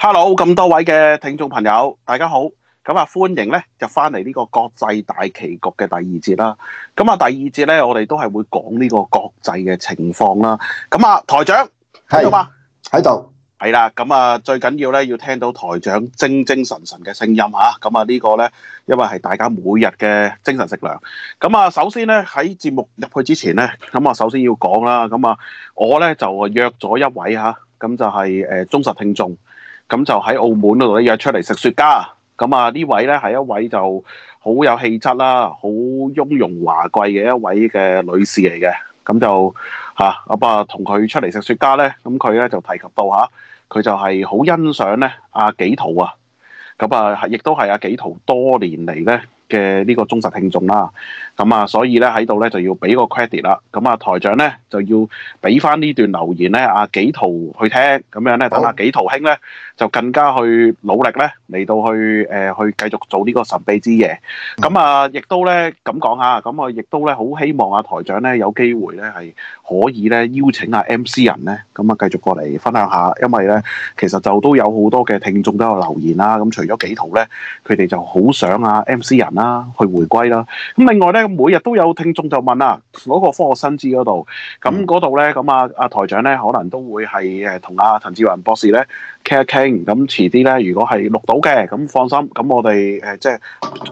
Hello，咁多位嘅聽眾朋友，大家好，咁啊歡迎咧就翻嚟呢個國際大棋局嘅第二節啦。咁啊第二節咧，我哋都係會講呢個國際嘅情況啦。咁啊台長喺度嘛，喺度係啦。咁啊到最緊要咧要聽到台長精精神神嘅聲音吓。咁啊、這個、呢個咧，因為係大家每日嘅精神食糧。咁啊首先咧喺節目入去之前咧，咁啊首先要講啦。咁啊我咧就約咗一位吓，咁就係、是、誒、呃、忠實聽眾。咁就喺澳門度約出嚟食雪茄啊！咁啊呢位咧係一位就好有氣質啦、好雍容華貴嘅一位嘅女士嚟嘅。咁就嚇，阿伯同佢出嚟食雪茄咧，咁佢咧就提及到嚇，佢、啊、就係好欣賞咧阿、啊、幾圖啊！咁啊，亦都係阿、啊、幾圖多年嚟咧嘅呢個忠實聽眾啦。咁啊、嗯，所以咧喺度咧就要俾個 credit 啦。咁、嗯、啊，台長咧就要俾翻呢段留言咧啊幾圖去聽，咁樣咧等下幾圖兄咧就更加去努力咧嚟到去誒、呃、去繼續做呢個神秘之夜，咁、嗯、啊，亦、嗯、都咧咁講下，咁啊亦都咧好希望啊台長咧有機會咧係可以咧邀請啊 MC 人咧咁啊繼續過嚟分享下，因為咧其實就都有好多嘅聽眾都有留言啦。咁、啊、除咗幾圖咧，佢哋就好想啊 MC 人啦、啊、去回歸啦。咁、啊、另外咧～每日都有聽眾就問啦、啊，嗰、那個科學新知嗰度，咁嗰度咧，咁啊啊台長咧，可能都會係誒同啊陳志雲博士咧傾一傾，咁、嗯、遲啲咧，如果係錄到嘅，咁放心，咁我哋誒即、呃、係、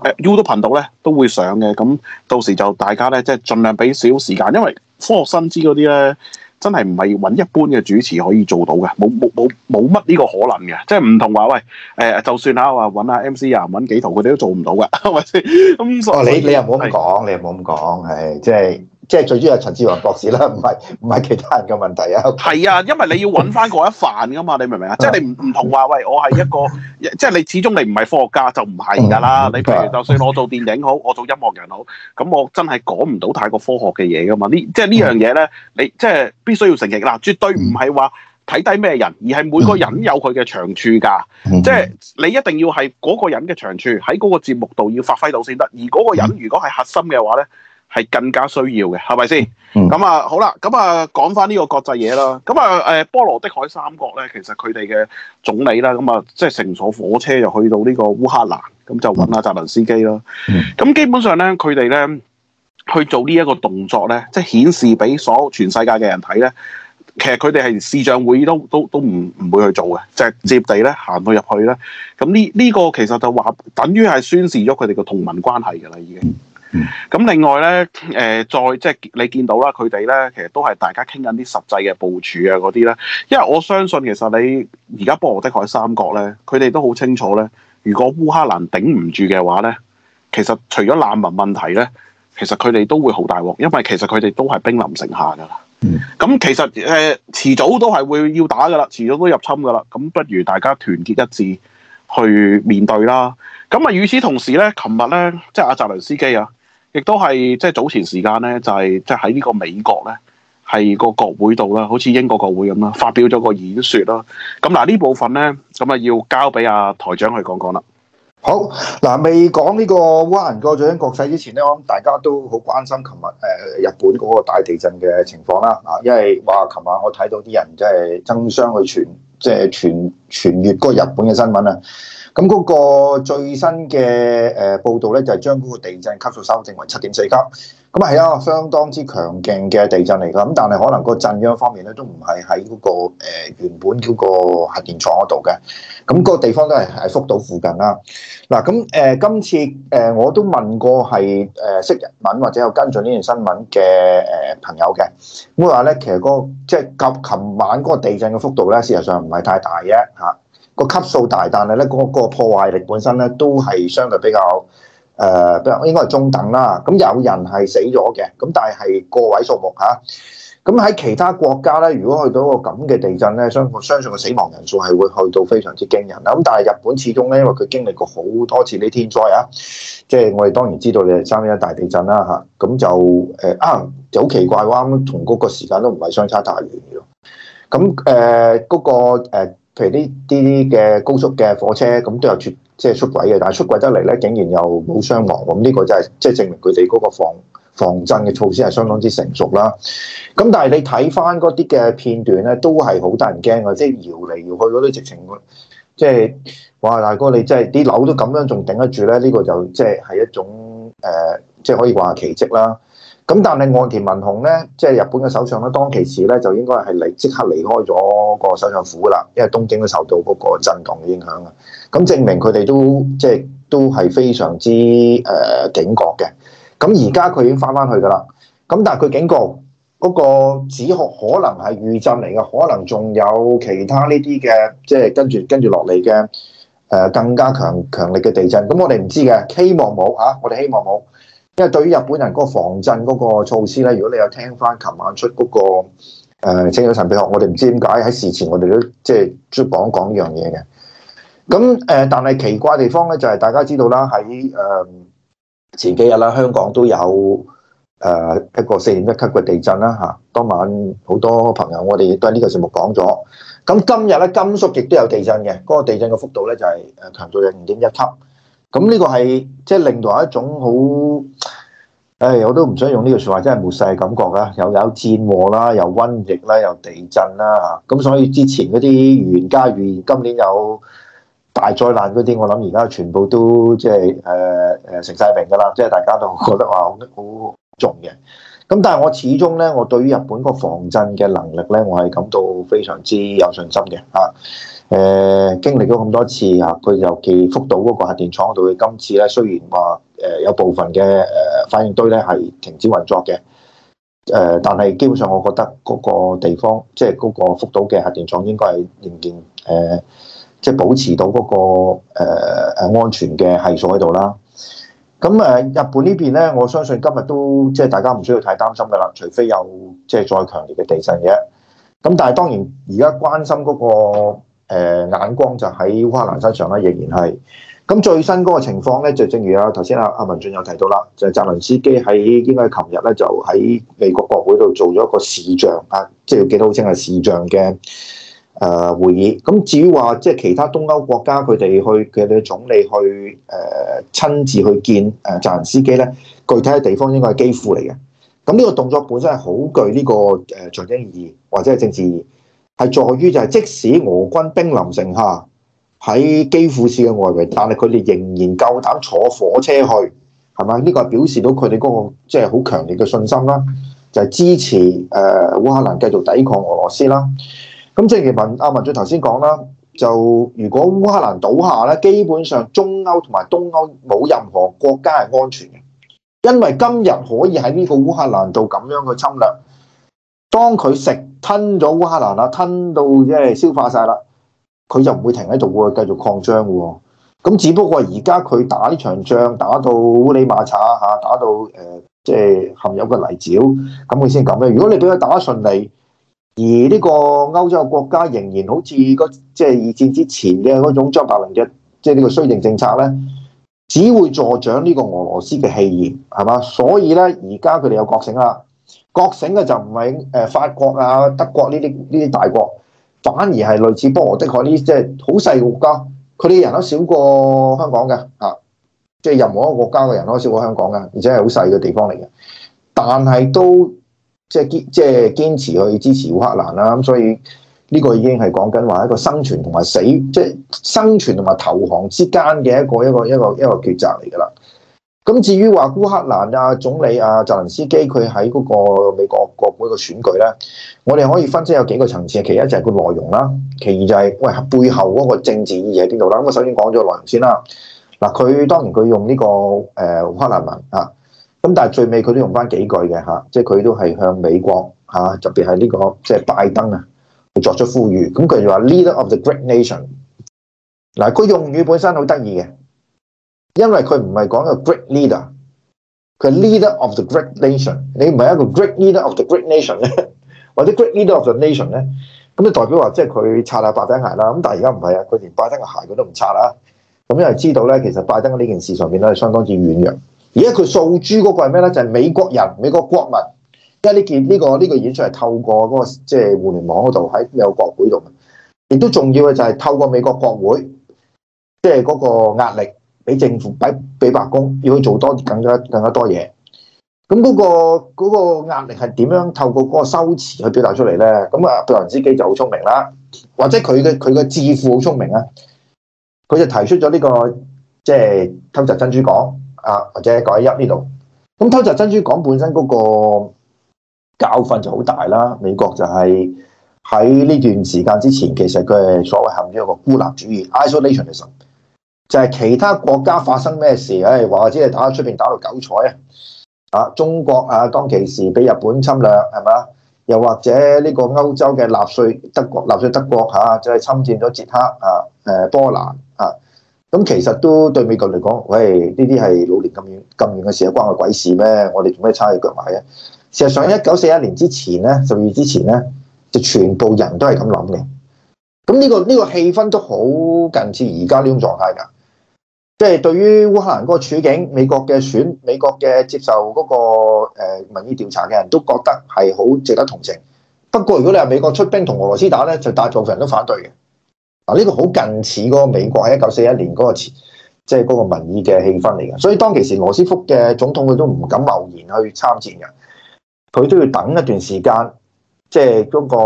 呃、YouTube 頻道咧都會上嘅，咁到時就大家咧即係盡量俾少時間，因為科學新知嗰啲咧。真係唔係揾一般嘅主持可以做到嘅，冇冇冇冇乜呢個可能嘅，即係唔同話喂，誒、呃、就算啊話揾下 MC 啊揾幾套佢哋都做唔到嘅，係咪先？咁所、哦嗯、你你又唔好咁講，是你又唔好咁講，係即係。即係最主要係陳志雲博士啦，唔係唔係其他人嘅問題啊！係、okay？啊，因為你要揾翻嗰一範㗎嘛，你明唔明啊？ 即係你唔唔同話，喂，我係一個， 即係你始終你唔係科學家就唔係㗎啦。嗯、你譬如就算我做電影好，嗯、我做音樂人好，咁我真係講唔到太過科學嘅嘢㗎嘛。即呢、嗯、即係呢樣嘢咧，你即係必須要承認嗱，絕對唔係話睇低咩人，而係每個人有佢嘅長處㗎。即係、嗯嗯、你一定要係嗰個人嘅長處喺嗰個節目度要發揮到先得。而嗰個人如果係核心嘅話咧。后係更加需要嘅，係咪先？咁啊、嗯，好啦，咁啊，講翻呢個國際嘢啦。咁啊，誒、呃，波羅的海三國咧，其實佢哋嘅總理啦，咁啊，即係乘坐火車又去到呢個烏克蘭，咁就揾阿澤連斯基啦。咁、嗯、基本上咧，佢哋咧去做呢一個動作咧，即係顯示俾所有全世界嘅人睇咧，其實佢哋係視像會議都都都唔唔會去做嘅，直接地咧行到入去咧。咁呢呢個其實就話等於係宣示咗佢哋嘅同盟關係噶啦，已經、嗯。咁另外咧，誒、呃、再即係你見到啦，佢哋咧其實都係大家傾緊啲實際嘅部署啊嗰啲啦。因為我相信其實你而家波羅的海三國咧，佢哋都好清楚咧。如果烏克蘭頂唔住嘅話咧，其實除咗難民問題咧，其實佢哋都會好大鑊，因為其實佢哋都係兵臨城下噶啦。咁、嗯、其實誒、呃、遲早都係會要打噶啦，遲早都入侵噶啦。咁不如大家團結一致去面對啦。咁啊，與此同時咧，琴日咧即係阿澤連斯基啊。亦都係即係早前時間咧，就係即係喺呢個美國咧，係個國會度啦，好似英國國會咁啦，發表咗個演說啦。咁嗱呢部分咧，咁啊要交俾阿、啊、台長去講講啦。好嗱，未講呢個烏克蘭過咗國際之前咧，我諗大家都好關心琴日誒日本嗰個大地震嘅情況啦。啊，因為話琴晚我睇到啲人即係爭相去傳，即、就、係、是、傳傳，傳越過日本嘅新聞啊。咁嗰個最新嘅誒報道咧，就係、是、將嗰個地震級數修正為七點四級。咁啊係一個啊，相當之強勁嘅地震嚟㗎。咁但係可能個震央方面咧，都唔係喺嗰個、呃、原本嗰個核電廠嗰度嘅。咁、那、嗰個地方都係喺福島附近啦。嗱，咁、呃、誒今次誒、呃、我都問過係誒、呃、識日文或者有跟進呢段新聞嘅誒、呃、朋友嘅，咁話咧其實嗰即係及琴晚嗰個地震嘅幅度咧，事實上唔係太大嘅嚇。啊個級數大，但係咧嗰個嗰個破壞力本身咧都係相對比較誒，比、呃、較應該係中等啦。咁有人係死咗嘅，咁但係係個位數目嚇。咁、啊、喺其他國家咧，如果去到個咁嘅地震咧，相我相信個死亡人數係會去到非常之驚人啦。咁、啊、但係日本始終咧，因為佢經歷過好多次呢天災啊，即、就、係、是、我哋當然知道你係三一大地震啦嚇。咁就誒啊，就好奇怪喎啱，同、啊、嗰個時間都唔係相差太遠嘅咯。咁誒嗰個、呃譬如呢啲嘅高速嘅火車，咁都有出即係出軌嘅，但係出軌得嚟咧，竟然又冇傷亡，咁呢個就係即係證明佢哋嗰個防防震嘅措施係相當之成熟啦。咁但係你睇翻嗰啲嘅片段咧，都係好得人驚啊，即係搖嚟搖去嗰啲、就是，直情即係哇大哥你，你即係啲樓都咁樣仲頂得住咧？呢、這個就即係係一種誒，即、呃、係、就是、可以話奇跡啦。咁但係岸田文雄咧，即係日本嘅首相咧，當其時咧就應該係離即刻離開咗個首相府啦，因為東京都受到嗰個震動嘅影響啊。咁證明佢哋都即係都係非常之誒警覺嘅。咁而家佢已經翻翻去噶啦。咁但係佢警告嗰個子殼可能係餘震嚟嘅，可能仲有其他呢啲嘅，即係跟住跟住落嚟嘅誒更加強強力嘅地震。咁我哋唔知嘅，希望冇嚇，我哋希望冇。因為對於日本人嗰個防震嗰個措施咧，如果你有聽翻琴晚出嗰個清晨神秘學，我哋唔知點解喺事前我哋都即係講講呢樣嘢嘅。咁誒，但係奇怪地方咧就係、是、大家知道啦，喺誒前幾日啦，香港都有誒一個四點一級嘅地震啦嚇、啊。當晚好多朋友，我哋都喺呢個節目講咗。咁今日咧，甘肅亦都有地震嘅，嗰、那個地震嘅幅度咧就係、是、誒強度有五點一級。咁呢個係即係令到一種好，誒，我都唔想用呢句説話，真係冇晒感覺嘅，又有，有戰禍啦，又瘟疫啦，又地震啦，咁所以之前嗰啲預言家預言，今年有大災難嗰啲，我諗而家全部都即係誒誒成曬病噶啦，即係大家都覺得話好重嘅。咁但係我始終呢，我對於日本個防震嘅能力呢，我係感到非常之有信心嘅嚇。誒、呃、經歷咗咁多次啊，佢尤其福島嗰個核電廠度嘅今次咧，雖然話誒、呃、有部分嘅誒、呃、反應堆咧係停止運作嘅，誒、呃，但係基本上我覺得嗰個地方即係嗰個福島嘅核電廠應該係仍然誒，即係保持到嗰、那個誒、呃、安全嘅係數喺度啦。咁誒日本呢邊咧，我相信今日都即係、就是、大家唔需要太擔心噶啦，除非有即係再強烈嘅地震嘅。咁但係當然而家關心嗰、那個。誒眼光就喺烏克蘭身上啦，仍然係咁最新嗰個情況咧，就正如啊頭先啊阿文俊有提到啦，就澤倫斯基喺應該係琴日咧，就喺美國國會度做咗一個視像啊，即係要記得好清係視像嘅誒會議。咁至於話即係其他東歐國家佢哋去嘅總理去誒呃、親自去見誒澤倫斯基咧，具體嘅地方應該係基輔嚟嘅。咁呢個動作本身係好具呢個誒象徵意義，或者係政治意義。係在於就係即使俄軍兵臨城下喺基輔市嘅外圍，但係佢哋仍然夠膽坐火車去，係咪？呢個表示到佢哋嗰個即係好強烈嘅信心啦，就係支持誒烏克蘭繼續抵抗俄羅斯啦。咁正如文阿文俊頭先講啦，就如果烏克蘭倒下咧，基本上中歐同埋東歐冇任何國家係安全嘅，因為今日可以喺呢個烏克蘭度咁樣嘅侵略。當佢食吞咗烏克蘭啦，吞到即係消化晒啦，佢就唔會停喺度喎，會繼續擴張喎、哦。咁只不過而家佢打呢場仗打到烏里馬查嚇，打到誒即係含有個泥沼，咁佢先咁樣。如果你俾佢打得順利，而呢個歐洲國家仍然好似、嗰個即係二戰之前嘅嗰種張伯倫嘅即係呢個綏靖政策咧，只會助長呢個俄羅斯嘅氣焰，係嘛？所以咧，而家佢哋有覺醒啦。覺醒嘅就唔係誒法國啊、德國呢啲呢啲大國，反而係類似波羅的海呢，即係好細個國家，佢哋人都少過香港嘅啊，即、就、係、是、任何一個國家嘅人都少過香港嘅，而且係好細嘅地方嚟嘅，但係都即係、就是、堅即係、就是、堅持去支持烏克蘭啦、啊，咁所以呢個已經係講緊話一個生存同埋死，即、就、係、是、生存同埋投降之間嘅一個一個一個一個抉擇嚟㗎啦。咁至於話烏克蘭啊總理啊澤林斯基佢喺嗰個美國國會嘅選舉咧，我哋可以分析有幾個層次。其一就係個內容啦，其二就係、是、喂背後嗰個政治意義喺邊度啦。咁我首先講咗內容先啦。嗱，佢當然佢用呢個誒烏克蘭文啊，咁但係最尾佢都用返幾句嘅嚇，即係佢都係向美國嚇特別係呢個即係拜登啊，作出呼籲。咁佢就話 Leader of the Great Nation。嗱，佢用語本身好得意嘅。因為佢唔係講一個 great leader，佢係 leader of the great nation。你唔係一個 great leader of the great nation 咧，？ 或者 great leader of the nation 咧？咁就代表話即係佢擦下拜登鞋啦。咁但係而家唔係啊，佢連拜登嘅鞋佢都唔擦啦。咁又係知道咧，其實拜登喺呢件事上面咧係相當之軟弱。而家佢訴諸嗰個係咩咧？就係、是、美國人、美國國民。而家你見呢個呢、這個演出係透過嗰、那個即係、就是、互聯網嗰度喺美國國會度，亦都重要嘅就係透過美國國會，即係嗰個壓力。俾政府，俾俾白宮，要去做多更加更加多嘢，咁嗰個嗰個壓力係點樣透過嗰個修辭去表達出嚟咧？咁啊，澤連斯基就好聰明啦，或者佢嘅佢嘅智庫好聰明啊，佢就提出咗呢個即係偷襲珍珠港啊，或者九一一呢度。咁偷襲珍珠港本身嗰個教訓就好大啦。美國就係喺呢段時間之前，其實佢係所謂係一個孤立主義 isolationism 就係其他國家發生咩事，唉、哎，話只係打喺出邊打到九彩啊，啊，中國啊當其時俾日本侵略係嘛？又或者呢個歐洲嘅納粹德國納粹德國吓、啊，即、就、係、是、侵占咗捷克啊，誒波蘭啊，咁、啊啊、其實都對美國嚟講，喂、哎，呢啲係老年咁遠咁遠嘅事，關我鬼事咩？我哋做咩差起腳埋？嘅？事實上，一九四一年之前咧，十二月之前咧，就全部人都係咁諗嘅。咁呢、呢個呢、呢個氣氛都好近似而家呢種狀態噶。即係對於烏克蘭嗰個處境，美國嘅選美國嘅接受嗰個誒民意調查嘅人都覺得係好值得同情。不過如果你話美國出兵同俄羅斯打咧，就大部分人都反對嘅。嗱、這、呢個好近似嗰個美國喺一九四一年嗰、那個前，即係嗰個民意嘅氣氛，嚟嘅。所以當其時羅斯福嘅總統佢都唔敢貿然去參戰嘅，佢都要等一段時間，即係嗰個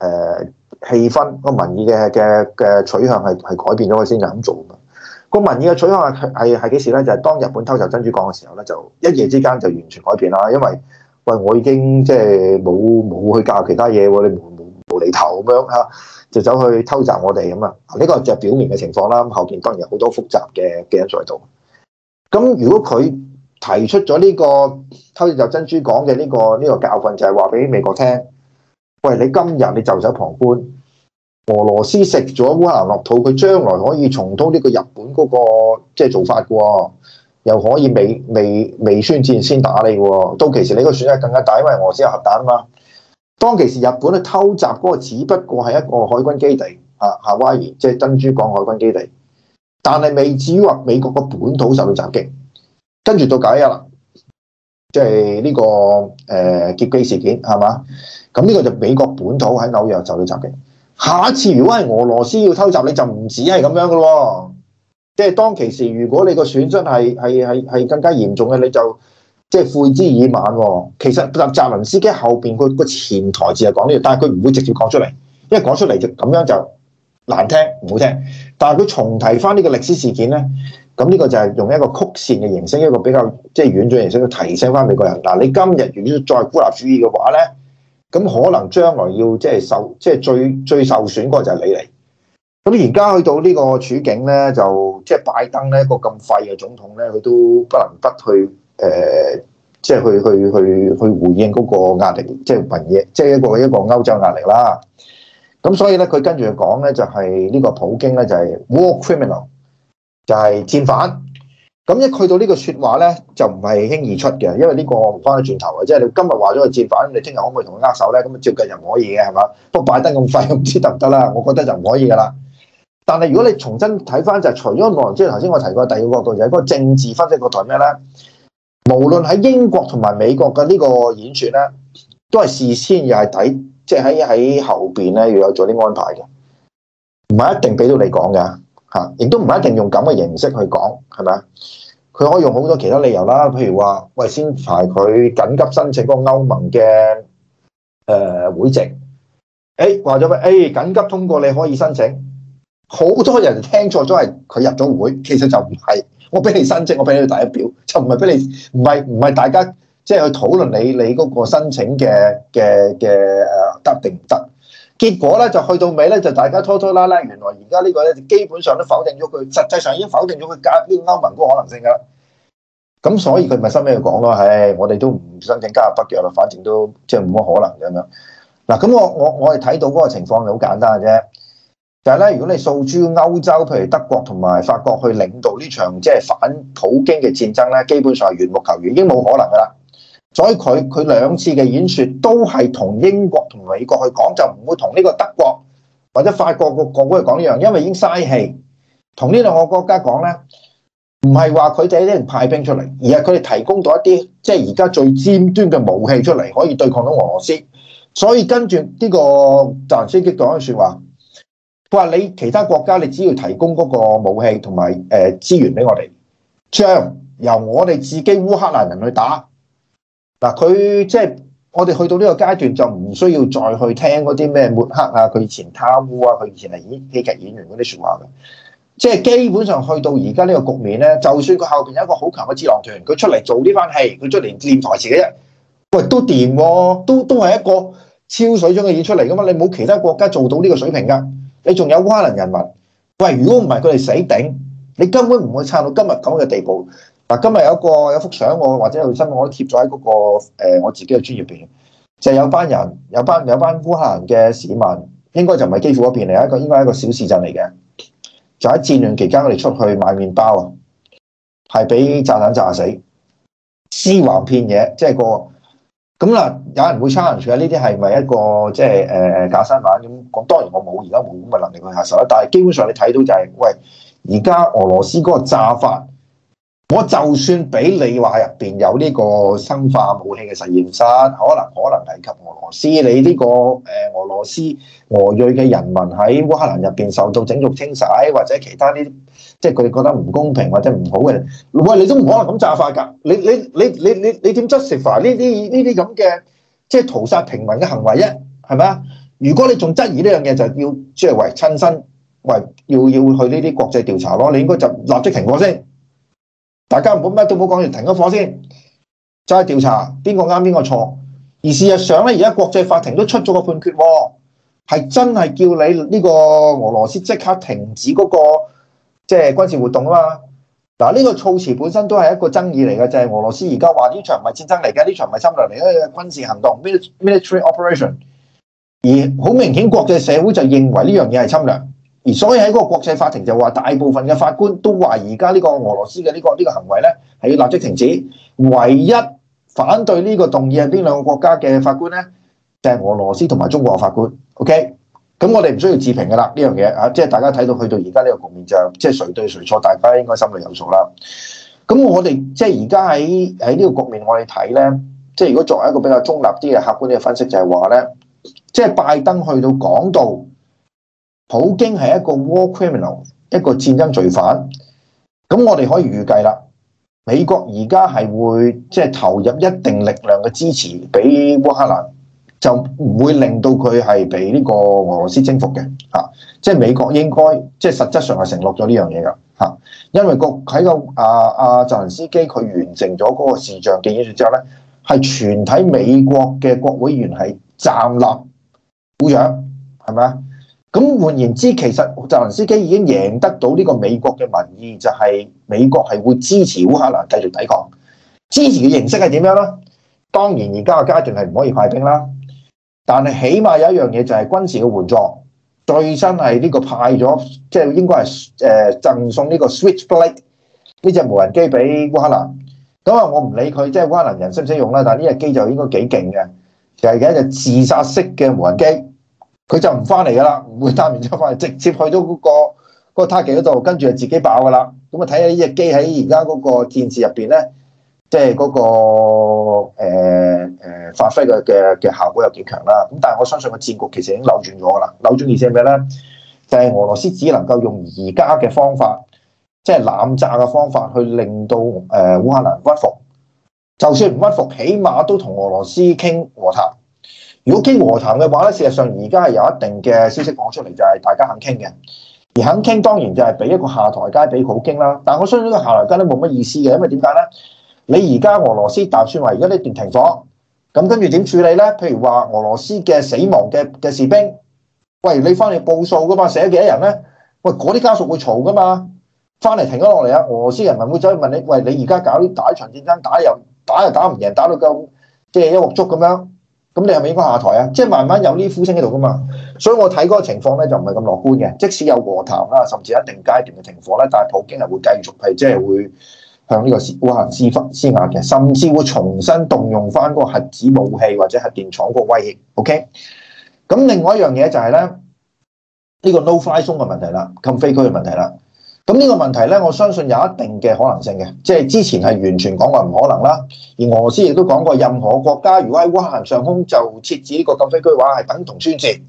誒氣、呃、氛、那個民意嘅嘅嘅取向係係改變咗，佢先肯做。個民意嘅取向係係係幾時咧？就係、是、當日本偷襲珍珠港嘅時候咧，就一夜之間就完全改變啦。因為喂，我已經即係冇冇去教其他嘢，你無無無厘頭咁樣啊，就走去偷襲我哋咁啊。呢個就表面嘅情況啦，咁後邊當然有好多複雜嘅嘅人在度。咁如果佢提出咗呢、這個偷襲珍珠港嘅呢、這個呢、這個教訓，就係話俾美國聽，喂，你今日你袖手旁觀，俄羅斯食咗烏克蘭落肚，佢將來可以重蹈呢個日本嗰、那個即係、就是、做法噶、哦，又可以未未未宣戰先打你噶、哦。到其時你個選擇更加大，因為俄羅斯有核彈啊嘛。當其時日本去偷襲嗰個只不過係一個海軍基地，夏威夷即係珍珠港海軍基地，但係未至於話美國個本土受到襲擊。跟住到隔一日啦，即係呢個誒、呃、劫機事件係嘛？咁呢個就美國本土喺紐約受到襲擊。下一次如果係俄羅斯要偷襲，你就唔止係咁樣噶咯，即係當其時如果你個損失係係係係更加嚴重嘅，你就即係、就是、悔之已晚。其實澤連斯基後邊佢個潛台詞係講呢個，但係佢唔會直接講出嚟，因為講出嚟就咁樣就難聽唔好聽。但係佢重提翻呢個歷史事件咧，咁呢個就係用一個曲線嘅形式，一個比較即係婉轉形式，去提醒翻美國人。嗱，你今日如果再孤立主義嘅話咧，咁可能將來要即係受即係最最受損嗰個就係你嚟。咁而家去到呢個處境咧，就即係拜登咧個咁廢嘅總統咧，佢都不能不去誒、呃，即係去去去去回應嗰個壓力，即係民嘢，即係一個一個歐洲壓力啦。咁所以咧，佢跟住講咧就係、是、呢、這個普京咧就係 war criminal，就係戰犯。咁一去到呢個說話咧，就唔係輕易出嘅，因為呢個我唔翻得轉頭嘅，即係你今日話咗個折返，反你聽日可唔可以同佢握手咧？咁啊，照計就唔可以嘅，係嘛？不過拜登咁快，唔知得唔得啦？我覺得就唔可以噶啦。但係如果你重新睇翻，就是、除咗即我頭先我提過第二個角度，就係、是、嗰個政治分析嗰台咩啦。無論喺英國同埋美國嘅呢個演說咧，都係事先又係底，即係喺喺後邊咧，要有做啲安排嘅，唔係一定俾到你講噶。嚇，亦都唔一定用咁嘅形式去講，係咪？佢可以用好多其他理由啦，譬如話，喂，先排佢緊急申請嗰個歐盟嘅誒、呃、會籍。哎」誒話咗咩？誒緊急通過，你可以申請。好多人聽錯咗，係佢入咗會，其實就唔係。我俾你申請，我俾你第一表，就唔係俾你，唔係唔係大家即係、就是、去討論你你嗰個申請嘅嘅嘅誒得定唔得？得得得結果咧就去到尾咧就大家拖拖拉拉，原來而家呢個咧基本上都否定咗佢，實際上已經否定咗佢加入呢個歐盟嗰個可能性噶啦。咁所以佢咪收尾去講咯，唉、哎，我哋都唔申請加入北約啦，反正都即係冇乜可能咁樣。嗱，咁我我我哋睇到嗰個情況就好簡單嘅啫。但係咧，如果你訴諸歐洲，譬如德國同埋法國去領導呢場即係反普京嘅戰爭咧，基本上係緣木求魚，已經冇可能噶啦。所以佢佢兩次嘅演説都係同英國同美國去講，就唔會同呢個德國或者法國個國會去講呢樣，因為已經嘥氣。同呢兩個國家講呢，唔係話佢哋啲人派兵出嚟，而係佢哋提供到一啲即係而家最尖端嘅武器出嚟，可以對抗到俄羅斯。所以跟住呢個澤倫斯基講嘅説話，佢話你其他國家，你只要提供嗰個武器同埋誒資源俾我哋，將由我哋自己烏克蘭人去打。嗱，佢即係我哋去到呢個階段就唔需要再去聽嗰啲咩抹黑啊，佢以前貪污啊，佢以前係演戲劇演員嗰啲說話嘅。即係基本上去到而家呢個局面咧，就算佢後邊有一個好強嘅智囊團，佢出嚟做呢班戲，佢出嚟念台詞嘅啫。喂，都掂喎，都都係一個超水準嘅演出嚟噶嘛？你冇其他國家做到呢個水平噶？你仲有烏克蘭人民？喂，如果唔係佢哋死頂，你根本唔會撐到今日咁嘅地步。嗱，今日有個有幅相喎，我或者有新聞我都貼咗喺嗰個、呃、我自己嘅專業入就係、是、有班人，有班有班孤寒嘅市民，應該就唔係基乎嗰邊嚟，一個應該係一個小市鎮嚟嘅，就喺戰亂期間，我哋出去買麵包啊，係俾炸彈炸死，撕橫片嘢，即、就、係、是那個咁啦。有人會差人 a l 呢啲係咪一個即係誒假新聞咁？咁當然我冇而家冇咁嘅能力去下手啦。但係基本上你睇到就係、是，喂，而家俄羅斯嗰個炸法。我就算俾你話入邊有呢個生化武器嘅實驗室，可能可能係及俄羅斯，你呢、呢個誒、呃、俄羅斯俄裔嘅人民喺烏克蘭入邊受到整族清洗，或者其他啲即係佢哋覺得唔公平或者唔好嘅，喂，你都唔可能咁炸法㗎，你你你你你你點質疑法？呢啲呢啲咁嘅即係屠殺平民嘅行為係咪嘛？如果你仲質疑呢樣嘢，就要，即係喂親身喂要要去呢啲國際調查咯，你應該就立即停火先。大家唔好乜都冇講完，停咗火先，再調查邊個啱邊個錯。而事實上咧，而家國際法庭都出咗個判決，係、哦、真係叫你呢個俄羅斯即刻停止嗰、那個即係、就是、軍事活動啊嘛。嗱，呢個措辭本身都係一個爭議嚟嘅，就係、是、俄羅斯而家話呢場唔係戰爭嚟嘅，呢場唔係侵略嚟嘅軍事行動 （military operation）。而好明顯，國際社會就認為呢樣嘢係侵略。而所以喺嗰個國際法庭就話，大部分嘅法官都話，而家呢個俄羅斯嘅呢個呢個行為呢係要立即停止。唯一反對呢個動議係邊兩個國家嘅法官呢？就係俄羅斯同埋中國法官。OK，咁我哋唔需要置評噶啦，呢樣嘢啊，即係大家睇到去到而家呢個局面就，即係誰對誰錯，大家應該心裏有數啦。咁我哋即係而家喺喺呢個局面我哋睇呢，即係如果作為一個比較中立啲嘅客觀嘅分析，就係話呢，即係拜登去到港度。普京係一個 war criminal，一個戰爭罪犯。咁我哋可以預計啦，美國而家係會即係、就是、投入一定力量嘅支持俾烏克蘭，就唔會令到佢係俾呢個俄羅斯征服嘅。嚇、啊，即係美國應該即係實質上係承諾咗呢樣嘢噶嚇，因為、那個喺個啊啊澤連斯基佢完成咗嗰個視像嘅演說之後咧，係全體美國嘅國會議員係站立鼓掌，係咪啊？咁換言之，其實澤連斯基已經贏得到呢個美國嘅民意，就係美國係會支持烏克蘭繼續抵抗。支持嘅形式係點樣咧？當然而家嘅階段係唔可以派兵啦，但係起碼有一樣嘢就係軍事嘅援助，最新係呢個派咗，即係應該係誒贈送呢個 Switchblade 呢隻無人機俾烏克蘭。咁啊，我唔理佢，即係烏克蘭人識唔識用啦。但係呢隻機就應該幾勁嘅，就係一隻自殺式嘅無人機。佢就唔翻嚟噶啦，唔會單完之後翻嚟，直接去到嗰、那個嗰、那個 target 度，跟住就自己爆噶啦。咁啊，睇下呢隻機喺而家嗰個戰事入邊咧，即係嗰個誒誒、呃、發揮嘅嘅嘅效果有幾強啦。咁但係我相信個戰局其實已經扭轉咗噶啦。扭轉意思係咩咧？就係、是、俄羅斯只能夠用而家嘅方法，即、就、係、是、濫炸嘅方法去令到誒烏克蘭屈服。就算唔屈服，起碼都同俄羅斯傾和談。如果傾和談嘅話咧，事實上而家係有一定嘅消息講出嚟，就係、是、大家肯傾嘅。而肯傾當然就係俾一個下台階俾普京啦。但我相信呢個下台階都冇乜意思嘅，因為點解咧？你而家俄羅斯打算話而家呢段停火，咁跟住點處理咧？譬如話俄羅斯嘅死亡嘅嘅士兵，喂你翻嚟報數噶嘛？死咗幾多人咧？喂嗰啲家屬會嘈噶嘛？翻嚟停咗落嚟啊！俄羅斯人民會走去問你，喂你而家搞啲打一場戰爭，打又打又打唔贏，打到夠即係一鑊粥咁樣。咁你係咪應該下台啊？即係慢慢有呢呼聲喺度噶嘛，所以我睇嗰個情況咧就唔係咁樂觀嘅。即使有和談啦，甚至一定階段嘅停火咧，但普京係會繼續係即係會向呢個烏克蘭施壓嘅，甚至會重新動用翻嗰個核子武器或者核電廠個威脅。OK，咁另外一樣嘢就係咧呢、呢個 no fly zone 嘅問題啦，禁飛區嘅問題啦。咁呢個問題咧，我相信有一定嘅可能性嘅，即係之前係完全講過唔可能啦。而俄羅斯亦都講過，任何國家如果喺烏克蘭上空就設置呢個禁飛區嘅話，係等同宣戰。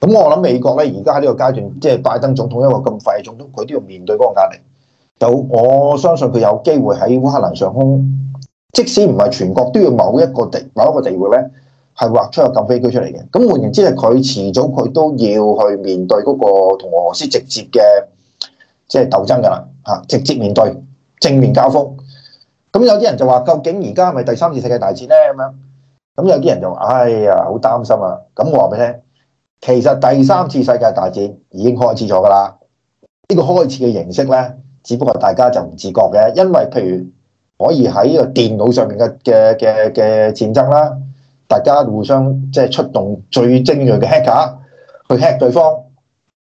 咁我諗美國咧，而家喺呢個階段，即係拜登總統一個咁快嘅總統，佢都要面對嗰個壓力。有我相信佢有機會喺烏克蘭上空，即使唔係全國，都要某一個地某一個地域咧，係劃出個禁飛區出嚟嘅。咁換言之，係佢遲早佢都要去面對嗰個同俄羅斯直接嘅。即係鬥爭㗎啦，嚇！直接面對正面交鋒。咁有啲人就話：究竟而家係咪第三次世界大戰呢？」咁樣，咁有啲人就話，哎呀，好擔心啊！咁我話俾你聽，其實第三次世界大戰已經開始咗㗎啦。呢個開始嘅形式呢，只不過大家就唔自覺嘅，因為譬如可以喺個電腦上面嘅嘅嘅嘅戰爭啦，大家互相即係出動最精鋭嘅 hacker 去 hack 對方。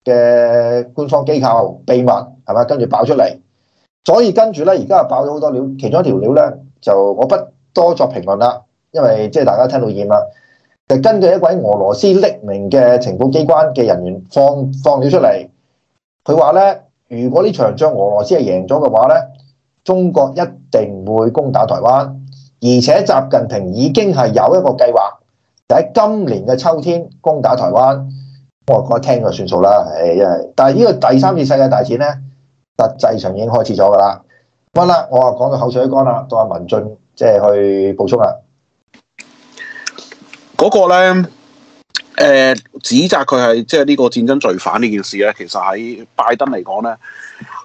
嘅官方機構秘密係嘛？跟住爆出嚟，所以跟住咧，而家又爆咗好多料。其中一條料咧，就我不多作評論啦，因為即係大家聽到厭啦。就根據一位俄羅斯匿名嘅情報機關嘅人員放放料出嚟，佢話咧：如果呢場仗俄羅斯係贏咗嘅話咧，中國一定會攻打台灣，而且習近平已經係有一個計劃，就喺今年嘅秋天攻打台灣。我講聽就算數啦，唉，因為但係呢個第三次世界大戰咧，實際上已經開始咗噶啦。乜啦，我話講到口水乾啦，到阿文進即係去補充啦。嗰個咧，誒、呃，指責佢係即係呢個戰爭罪犯呢件事咧，其實喺拜登嚟講咧。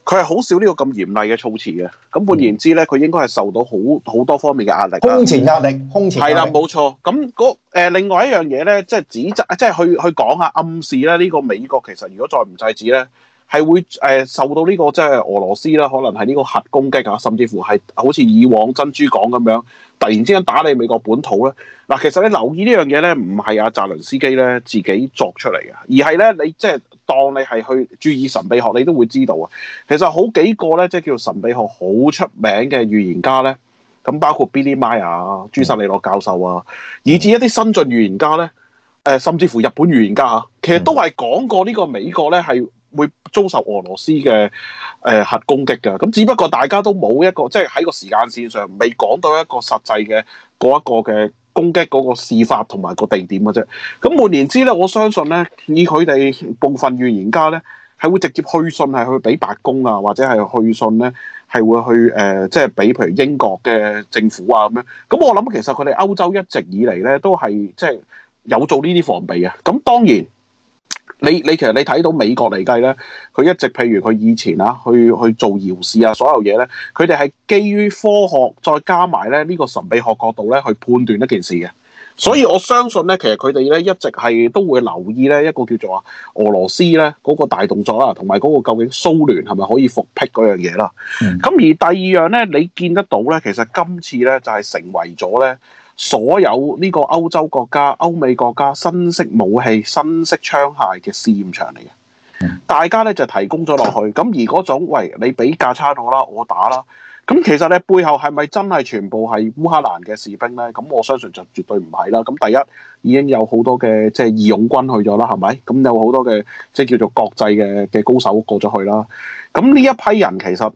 佢係好少這個這嚴厲呢個咁嚴厲嘅措辭嘅，咁換言之咧，佢應該係受到好好多方面嘅壓力。空前壓力，空前壓力係啦，冇錯。咁嗰、呃、另外一樣嘢咧，即係指責，即係去去講下暗示啦。呢、這個美國其實如果再唔制止咧，係會誒、呃、受到、這個、呢個即係俄羅斯啦，可能係呢個核攻擊啊，甚至乎係好似以往珍珠港咁樣，突然之間打你美國本土咧。嗱，其實你留意呢樣嘢咧，唔係阿扎倫斯基咧自己作出嚟嘅，而係咧你即係。當你係去注意神秘學，你都會知道啊。其實好幾個咧，即係叫神秘學好出名嘅預言家咧，咁包括 Billy Meyer 啊、朱塞利諾教授啊，以至一啲新進預言家咧，誒、呃，甚至乎日本預言家嚇，其實都係講過呢個美國咧係會遭受俄羅斯嘅誒、呃、核攻擊嘅。咁只不過大家都冇一個即係喺個時間線上未講到一個實際嘅嗰一個嘅。攻擊嗰個事發同埋個地點嘅啫，咁換言之咧，我相信咧，以佢哋部分預言家咧，係會直接去信係去俾白宮啊，或者係去信咧，係會去誒、呃，即係俾譬如英國嘅政府啊咁樣。咁我諗其實佢哋歐洲一直以嚟咧都係即係有做呢啲防備啊。咁當然。你你其實你睇到美國嚟計咧，佢一直譬如佢以前啊去去做遙視啊所有嘢咧，佢哋係基於科學再加埋咧呢、這個神秘學角度咧去判斷一件事嘅，所以我相信咧其實佢哋咧一直係都會留意咧一個叫做啊俄羅斯咧嗰、那個大動作啦，同埋嗰個究竟蘇聯係咪可以復辟嗰樣嘢啦？咁、嗯、而第二樣咧，你見得到咧，其實今次咧就係、是、成為咗咧。所有呢個歐洲國家、歐美國家新式武器、新式槍械嘅試驗場嚟嘅，大家咧就提供咗落去。咁而嗰種，喂，你畀價差咗啦，我打啦。咁其實咧背後係咪真係全部係烏克蘭嘅士兵咧？咁我相信就絕對唔係啦。咁第一已經有好多嘅即係義勇軍去咗啦，係咪？咁有好多嘅即係叫做國際嘅嘅高手過咗去啦。咁呢一批人其實。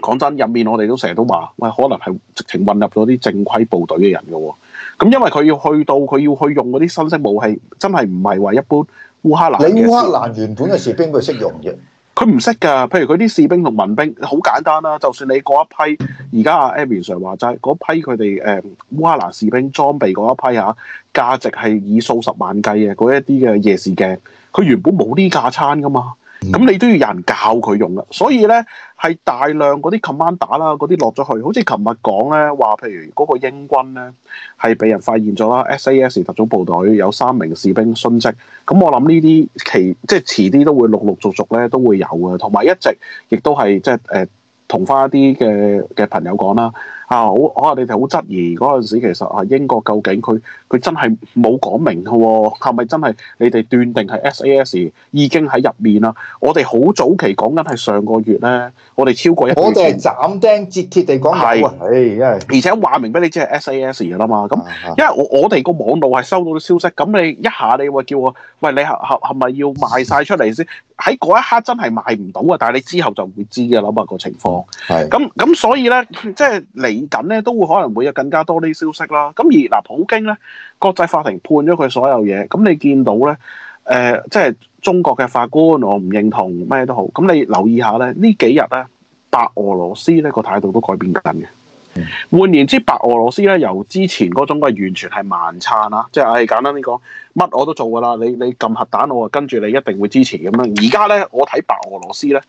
講真，入面我哋都成日都話，喂，可能係直情混入咗啲正規部隊嘅人噶、哦，咁、嗯、因為佢要去到，佢要去用嗰啲新式武器，真係唔係話一般烏克蘭你烏克蘭原本嘅士兵佢識用嘅，佢唔識噶。譬如佢啲士兵同民兵，好簡單啦、啊。就算你嗰一批，而家阿 Abby 常話齋嗰批佢哋誒烏克蘭士兵裝備嗰一批吓，價、啊、值係以數十萬計嘅嗰一啲嘅夜視鏡，佢原本冇呢架餐噶嘛。咁、嗯、你都要有人教佢用啦，所以咧係大量嗰啲 command 打啦，嗰啲落咗去，好似琴日講咧話，譬如嗰個英軍咧係俾人發現咗啦，SAS 特種部隊有三名士兵殉職，咁我諗呢啲其即係遲啲都會陸陸續續咧都會有嘅，同埋一直亦都係即係誒同返一啲嘅嘅朋友講啦。啊！我你哋好質疑嗰陣時，其實啊英國究竟佢佢真係冇講明嘅喎、哦，係咪真係你哋斷定係 SAS 已經喺入面啦？我哋好早期講緊係上個月咧，我哋超過一，我哋係斬釘截鐵地講，係是，欸欸、而且話明俾你知係 SAS 噶啦嘛，咁、啊、因為我我哋個網絡係收到消息，咁你一下你話叫我，喂，你係係咪要賣晒出嚟先？喺嗰一刻真係賣唔到嘅，但係你之後就會知嘅，諗、那、下個情況，係是，咁咁所以咧，即係嚟。緊咧都會可能會有更加多啲消息啦。咁而嗱，普京咧國際法庭判咗佢所有嘢，咁你見到咧，誒、呃，即係中國嘅法官，我唔認同咩都好。咁你留意下咧，幾呢幾日咧，白俄羅斯咧個態度都改變緊嘅。嗯、換言之，白俄羅斯咧由之前嗰種係完全係慢撐啦，即係、哎、簡單啲講，乜我都做㗎喇。你你撳核彈，我跟住你一定會支持咁樣。而家咧，我睇白俄羅斯咧，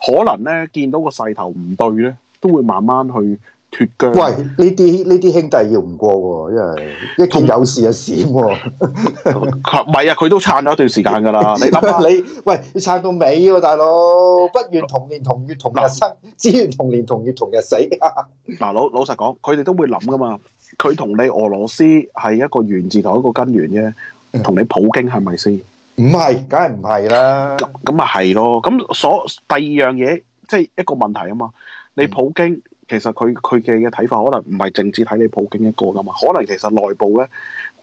可能咧見到個勢頭唔對咧，都會慢慢去。喂！呢啲呢啲兄弟要唔過喎，因為一見有事就閃喎。唔係啊，佢 都撐咗一段時間噶啦。你想想你喂，你撐到尾喎，大佬，不願同年同月同日生，那只願同年同月同日死嗱那，老老實講，佢哋都會諗噶嘛。佢同你俄羅斯係一個源自同一個根源啫。同你普京係咪先？唔係、嗯，梗係唔係啦。咁咪係咯。咁所第二樣嘢，即係一個問題啊嘛。你普京。嗯其實佢佢嘅嘅睇法可能唔係淨止睇你普京一個㗎嘛，可能其實內部咧。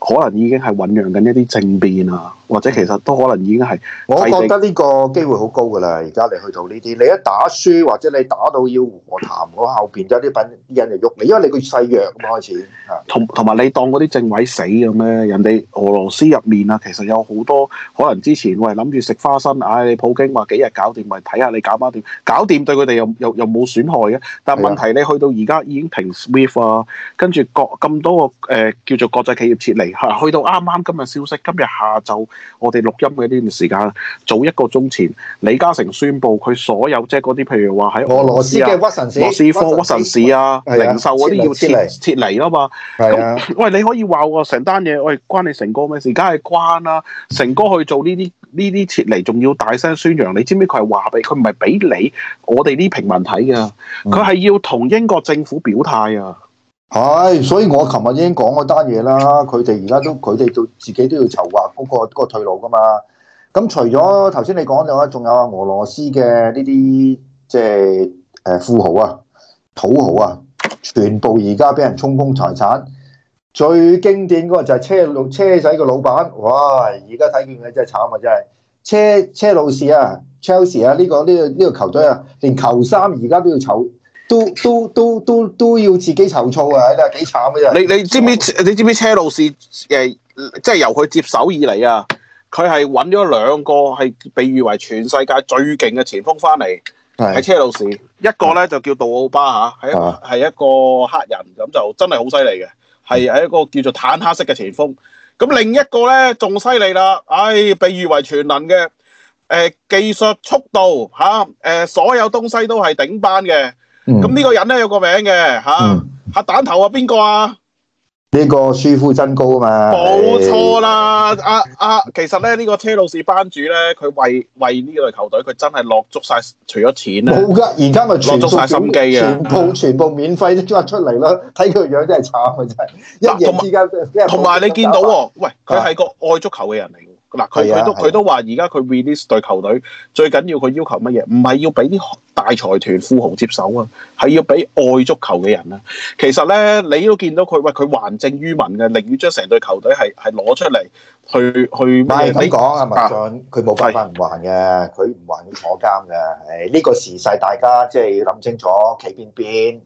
可能已經係醖釀緊一啲政變啊，或者其實都可能已經係。我覺得呢個機會好高㗎啦，而家你去到呢啲，你一打輸或者你打到要和談，我後邊有啲人就喐你，因為你個細弱啊嘛。開始同同埋你當嗰啲政委死咁咧，人哋俄羅斯入面啊，其實有好多可能之前我係諗住食花生，唉、哎，普京話幾日搞掂，咪睇下你搞唔掂，搞掂對佢哋又又又冇損害嘅。但問題你的去到而家已經停 Swift 啊，跟住各咁多個誒、呃、叫做國際企業撤離。去到啱啱今日消息，今日下晝我哋錄音嘅呢段時間，早一個鐘前，李嘉誠宣布佢所有即係嗰啲，譬如話喺俄羅斯嘅屈臣氏、羅斯科、屈臣氏啊、零售嗰啲要撤撤離啦離離嘛。咁的，喂，你可以話我成單嘢，我關你成哥咩事，梗係關啦、啊。成哥去做呢啲呢啲撤離，仲要大聲宣揚。你知唔知佢係話俾佢唔係俾你，我哋呢平民睇㗎，佢係要同英國政府表態啊。嗯係、哎，所以我琴日已經講嗰單嘢啦。佢哋而家都，佢哋都自己都要籌劃嗰個、嗰個退路噶嘛。咁除咗頭先你講咗，仲有啊俄羅斯嘅呢啲即係誒富豪啊、土豪啊，全部而家俾人充公財產。最經典嗰個就係車路車仔嘅老闆，哇！而家睇見佢真係慘啊，真係。車車路士啊，Chelsea 啊，呢個呢個呢個球隊啊，連球衫而家都要籌。都都都都都要自己籌措啊！真係幾慘啊！你你我你知唔知？你知唔知車路士誒，即係由佢接手以嚟啊？佢係揾咗兩個係被譽為全世界最勁嘅前鋒翻嚟喺車路士，一個咧就叫杜奧巴嚇，係係、啊、一個黑人咁就真係好犀利嘅，係喺一個叫做坦克式嘅前鋒。咁另一個咧仲犀利啦，唉、哎，被譽為全能嘅誒、呃、技術、速度嚇誒、呃、所有東西都係頂班嘅。咁呢、嗯、個人咧有個名嘅吓，核彈頭啊邊個啊？呢、啊、個舒夫真高啊嘛，冇錯啦。啊，阿、啊、其實咧呢、這個車路士班主咧，佢為為呢隊球隊佢真係落足晒除咗錢啊！冇噶，而家咪落足晒心機啊，全部全部免費都捐出嚟啦。睇佢個樣真係慘，佢真係一夜之間。啊、為同埋你見到喎，啊、喂，佢係個愛足球嘅人嚟。啊。嗱，佢佢、啊、都佢、啊、都話，而家佢 release 隊球隊最緊要佢要求乜嘢？唔係要俾啲大財團富豪接手啊，係要俾愛足球嘅人啊。其實咧，你都見到佢喂，佢還政於民嘅，寧願將成隊球隊係係攞出嚟去去賣。你講啊，文進，佢冇辦法唔還嘅，佢唔是還要坐監嘅。誒，呢、這個時勢大家即係要諗清楚，企邊邊誒，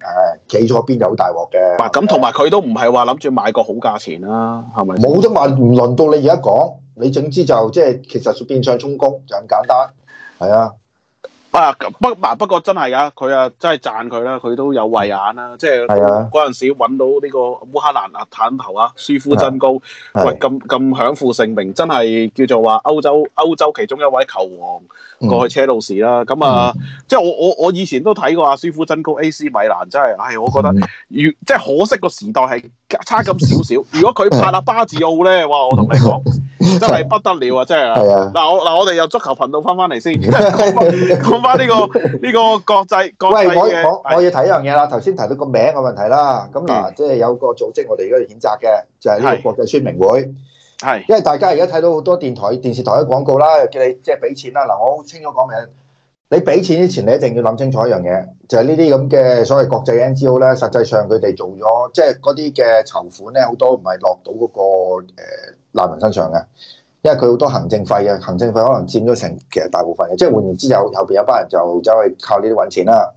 企、啊、咗邊就好大鑊嘅。嗱，咁同埋佢都唔係話諗住買個好價錢啦、啊，係咪？冇得話，唔輪到你而家講。你總之就即係、就是、其實就變相衝高就咁、是、簡單，係是啊。啊，不唔不過真係啊，佢啊真係讚佢啦，佢都有慧眼啦。即係嗰陣時揾到呢個烏克蘭阿坦頭啊，舒夫真高喂咁咁享負盛名，真係叫做話歐洲歐洲其中一位球王過去車路士啦。咁啊，即係我我我以前都睇過阿舒夫真高 A.C. 米蘭，真係唉，我覺得如即係可惜個時代係差咁少少。如果佢拍阿巴治奧咧，哇、yeah.，我同你講。sl estimates nymi ela 真係不得了啊！真係啊，嗱我嗱我哋由足球頻道翻翻嚟先，講翻呢個呢個國際國際嘅。喂，我我我要睇一樣嘢啦。頭先提到個名嘅問題啦。咁嗱，即係有個組織我，我哋而家要譴責嘅就係呢個國際宣明會。係，因為大家而家睇到好多電台電視台嘅廣告啦，又叫你即係俾錢啦。嗱，我好清楚講名。你俾錢之前，你一定要諗清楚一樣嘢，就係呢啲咁嘅所謂國際 NGO 咧，實際上佢哋做咗，即係嗰啲嘅籌款咧，好多唔係落到嗰個誒難民身上嘅，因為佢好多行政費嘅，行政費可能佔咗成其實大部分嘅，即係換言之，後面有後邊有班人就走去靠呢啲揾錢啦。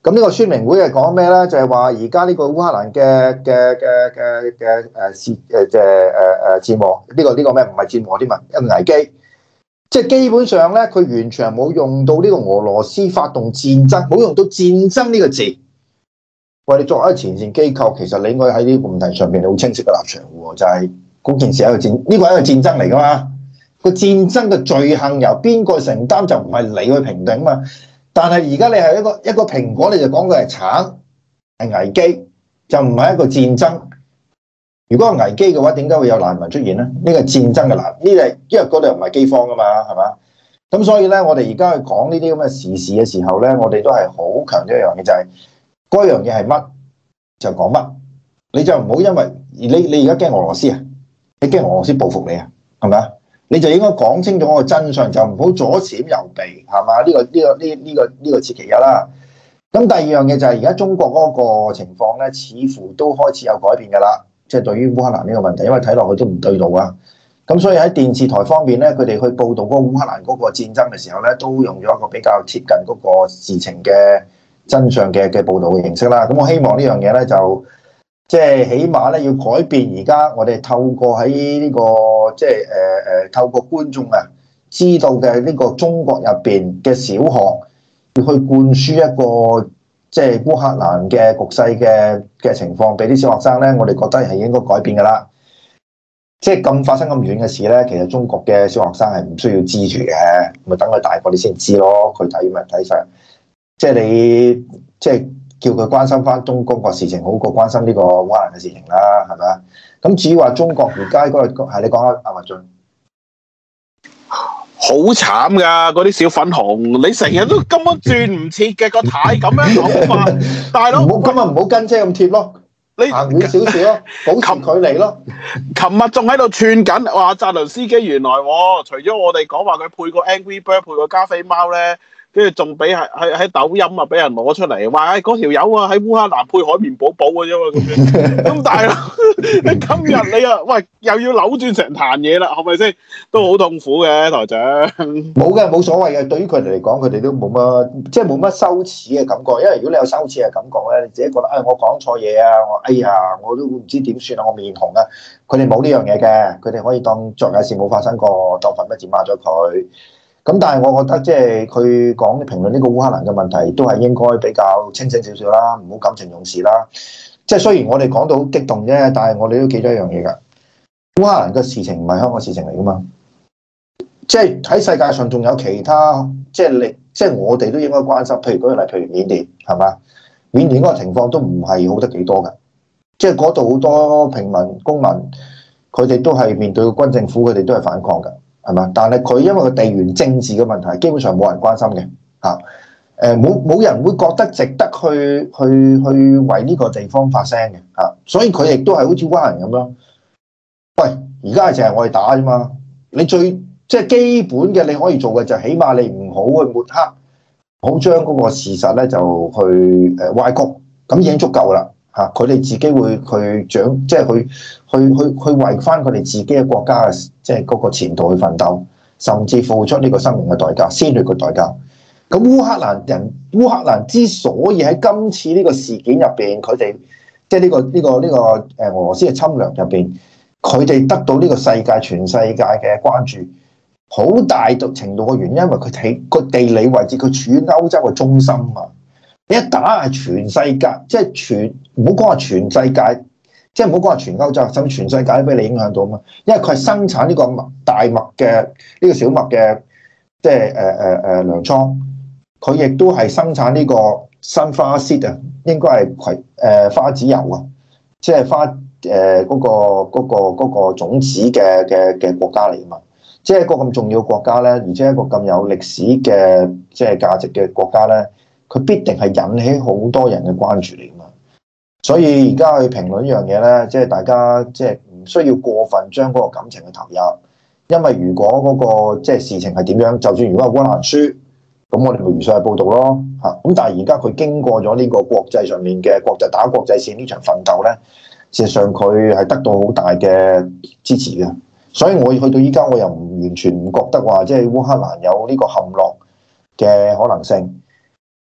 咁呢個宣明會係講咩咧？就係話而家呢個烏克蘭嘅嘅嘅嘅嘅誒戰誒即誒誒戰呢個呢個咩唔係戰禍啲啊，一個危機。即係基本上咧，佢完全冇用到呢個俄羅斯發動戰爭，冇用到戰爭呢個字。我哋作為一個前線機構，其實你應該喺呢個問題上邊，你好清晰嘅立場。就係嗰件事係一個戰，呢個係一個戰爭嚟噶嘛。個戰爭嘅罪行由邊個承擔就唔係你去評定嘛。但係而家你係一個一個蘋果，你就講佢係橙，係危機，就唔係一個戰爭。如果係危機嘅話，點解會有難民出現咧？呢個戰爭嘅難，呢個因為嗰度唔係饑荒噶嘛，係嘛？咁所以咧，我哋而家去講呢啲咁嘅時事嘅時候咧，我哋都係好強調一樣嘢，就係嗰樣嘢係乜就講乜，你就唔好因為你你而家驚俄羅斯啊，你驚俄羅斯報復你啊，係咪啊？你就應該講清楚嗰個真相，就唔好左閃右避，係嘛？呢個呢個呢呢個呢個切其一啦。咁第二樣嘢就係而家中國嗰個情況咧，似乎都開始有改變噶啦。即係對於烏克蘭呢個問題，因為睇落去都唔對路啊！咁所以喺電視台方面咧，佢哋去報導嗰個烏克蘭嗰個戰爭嘅時候咧，都用咗一個比較貼近嗰個事情嘅真相嘅嘅報導嘅形式啦。咁我希望呢樣嘢咧，就即係、就是、起碼咧，要改變而家我哋透過喺呢個即係誒誒透過觀眾啊，知道嘅呢個中國入邊嘅小學，要去灌輸一個。即係烏克蘭嘅局勢嘅嘅情況，俾啲小學生咧，我哋覺得係應該改變噶啦。即係咁發生咁遠嘅事咧，其實中國嘅小學生係唔需要知住嘅，咪等佢大個你先知咯。佢睇咪睇晒，即係你即係叫佢關心翻中國嘅事情，好過關心呢個烏克蘭嘅事情啦，係咪啊？咁至於話中國而家嗰個係你講阿阿文進。好慘噶，嗰啲小粉紅，你成日都根本轉唔切嘅，個太咁樣，大佬冇，今日唔好跟車咁貼咯，你行少少咯，保持距離咯，琴日仲喺度串緊，話澤倫司機原來，哦、除咗我哋講話佢配個 Angry Bird 配個加菲貓咧。跟住仲俾係係喺抖音啊，俾人攞出嚟，話嗰條友啊喺烏克蘭配海綿寶寶啊。啫嘛，咁樣。咁但係你今日你啊，喂又要扭轉成壇嘢啦，係咪先？都好痛苦嘅台長。冇嘅，冇所謂嘅。對於佢哋嚟講，佢哋都冇乜，即係冇乜羞恥嘅感覺。因為如果你有羞恥嘅感覺咧，你自己覺得啊、哎，我講錯嘢啊，我哎呀，我都唔知點算啊，我面紅啊。佢哋冇呢樣嘢嘅，佢哋可以當作有事冇發生過，當粉筆字抹咗佢。咁但係我覺得即係佢講評論呢個烏克蘭嘅問題，都係應該比較清醒少少啦，唔好感情用事啦。即係雖然我哋講到激動啫，但係我哋都記咗一樣嘢㗎。烏克蘭嘅事情唔係香港事情嚟㗎嘛。即係喺世界上仲有其他，即係力，即係我哋都應該關心。譬如舉例，譬如緬甸係嘛？緬甸嗰個情況都唔係好得幾多㗎。即係嗰度好多平民公民，佢哋都係面對軍政府，佢哋都係反抗㗎。係嘛？但係佢因為個地緣政治嘅問題，基本上冇人關心嘅嚇。誒、啊，冇冇人會覺得值得去去去為呢個地方發聲嘅嚇。所以佢亦都係好似蛙人咁樣。喂，而家係淨係我哋打啫嘛。你最即係基本嘅你可以做嘅就起碼你唔好去抹黑，好將嗰個事實咧就去誒歪曲，咁已經足夠啦。啊！佢哋自己會去長，即係去佢，佢，佢為翻佢哋自己嘅國家嘅，即係嗰個前途去奮鬥，甚至付出呢個生命嘅代價，鮮血嘅代價。咁烏克蘭人，烏克蘭之所以喺今次呢個事件入邊，佢哋即係呢個呢個呢個誒俄羅斯嘅侵略入邊，佢哋得到呢個世界全世界嘅關注，好大程度嘅原因，因為佢喺個地理位置，佢處於歐洲嘅中心啊！你一打啊，全世界，即係全。唔好講話全世界，即係唔好講話全歐洲，甚至全世界都俾你影響到啊嘛。因為佢係生產呢個大麥嘅呢個小麥嘅，即係誒誒誒糧倉。佢亦都係生產呢個新花 s 啊，應該係葵誒、呃、花籽油啊，即係花誒嗰、呃嗰個嗰、嗰個嗰個嗰個種子嘅嘅嘅國家嚟啊嘛。即係一個咁重要國家咧，而且一個咁有歷史嘅即係價值嘅國家咧，佢必定係引起好多人嘅關注嚟。所以而家去評論一樣嘢咧，即係大家即係唔需要過分將嗰個感情去投入，因為如果嗰個即係事情係點樣，就算如果係烏克蘭輸，咁我哋咪如實去報道咯，嚇。咁但係而家佢經過咗呢個國際上面嘅國際打國際線呢場奮鬥咧，事實上佢係得到好大嘅支持嘅，所以我去到依家我又唔完全唔覺得話即係烏克蘭有呢個陷落嘅可能性。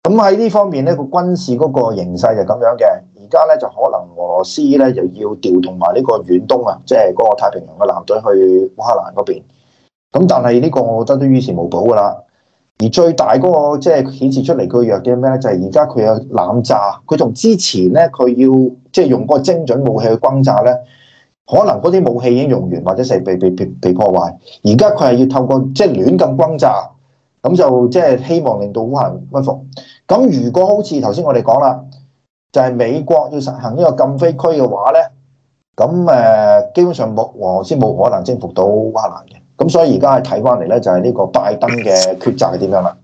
咁喺呢方面咧，個軍事嗰個形勢就咁樣嘅。而家咧就可能俄羅斯咧就要調動埋呢個遠東啊，即係嗰個太平洋嘅艦隊去烏克蘭嗰邊。咁但係呢個我覺得都於事無補噶啦。而最大嗰、那個即係顯示出嚟佢弱嘅咩咧，就係而家佢有濫炸。佢同之前咧，佢要即係、就是、用嗰個精準武器去轟炸咧，可能嗰啲武器已經用完或者成被被被被破壞。而家佢係要透過即係亂咁轟炸。咁就即係希望令到烏克蘭屈服。咁如果好似頭先我哋講啦，就係、是、美國要實行呢個禁飛區嘅話咧，咁誒基本上冇俄先冇可能征服到烏克蘭嘅。咁所以而家係睇翻嚟咧，就係呢個拜登嘅抉擇係點樣啦。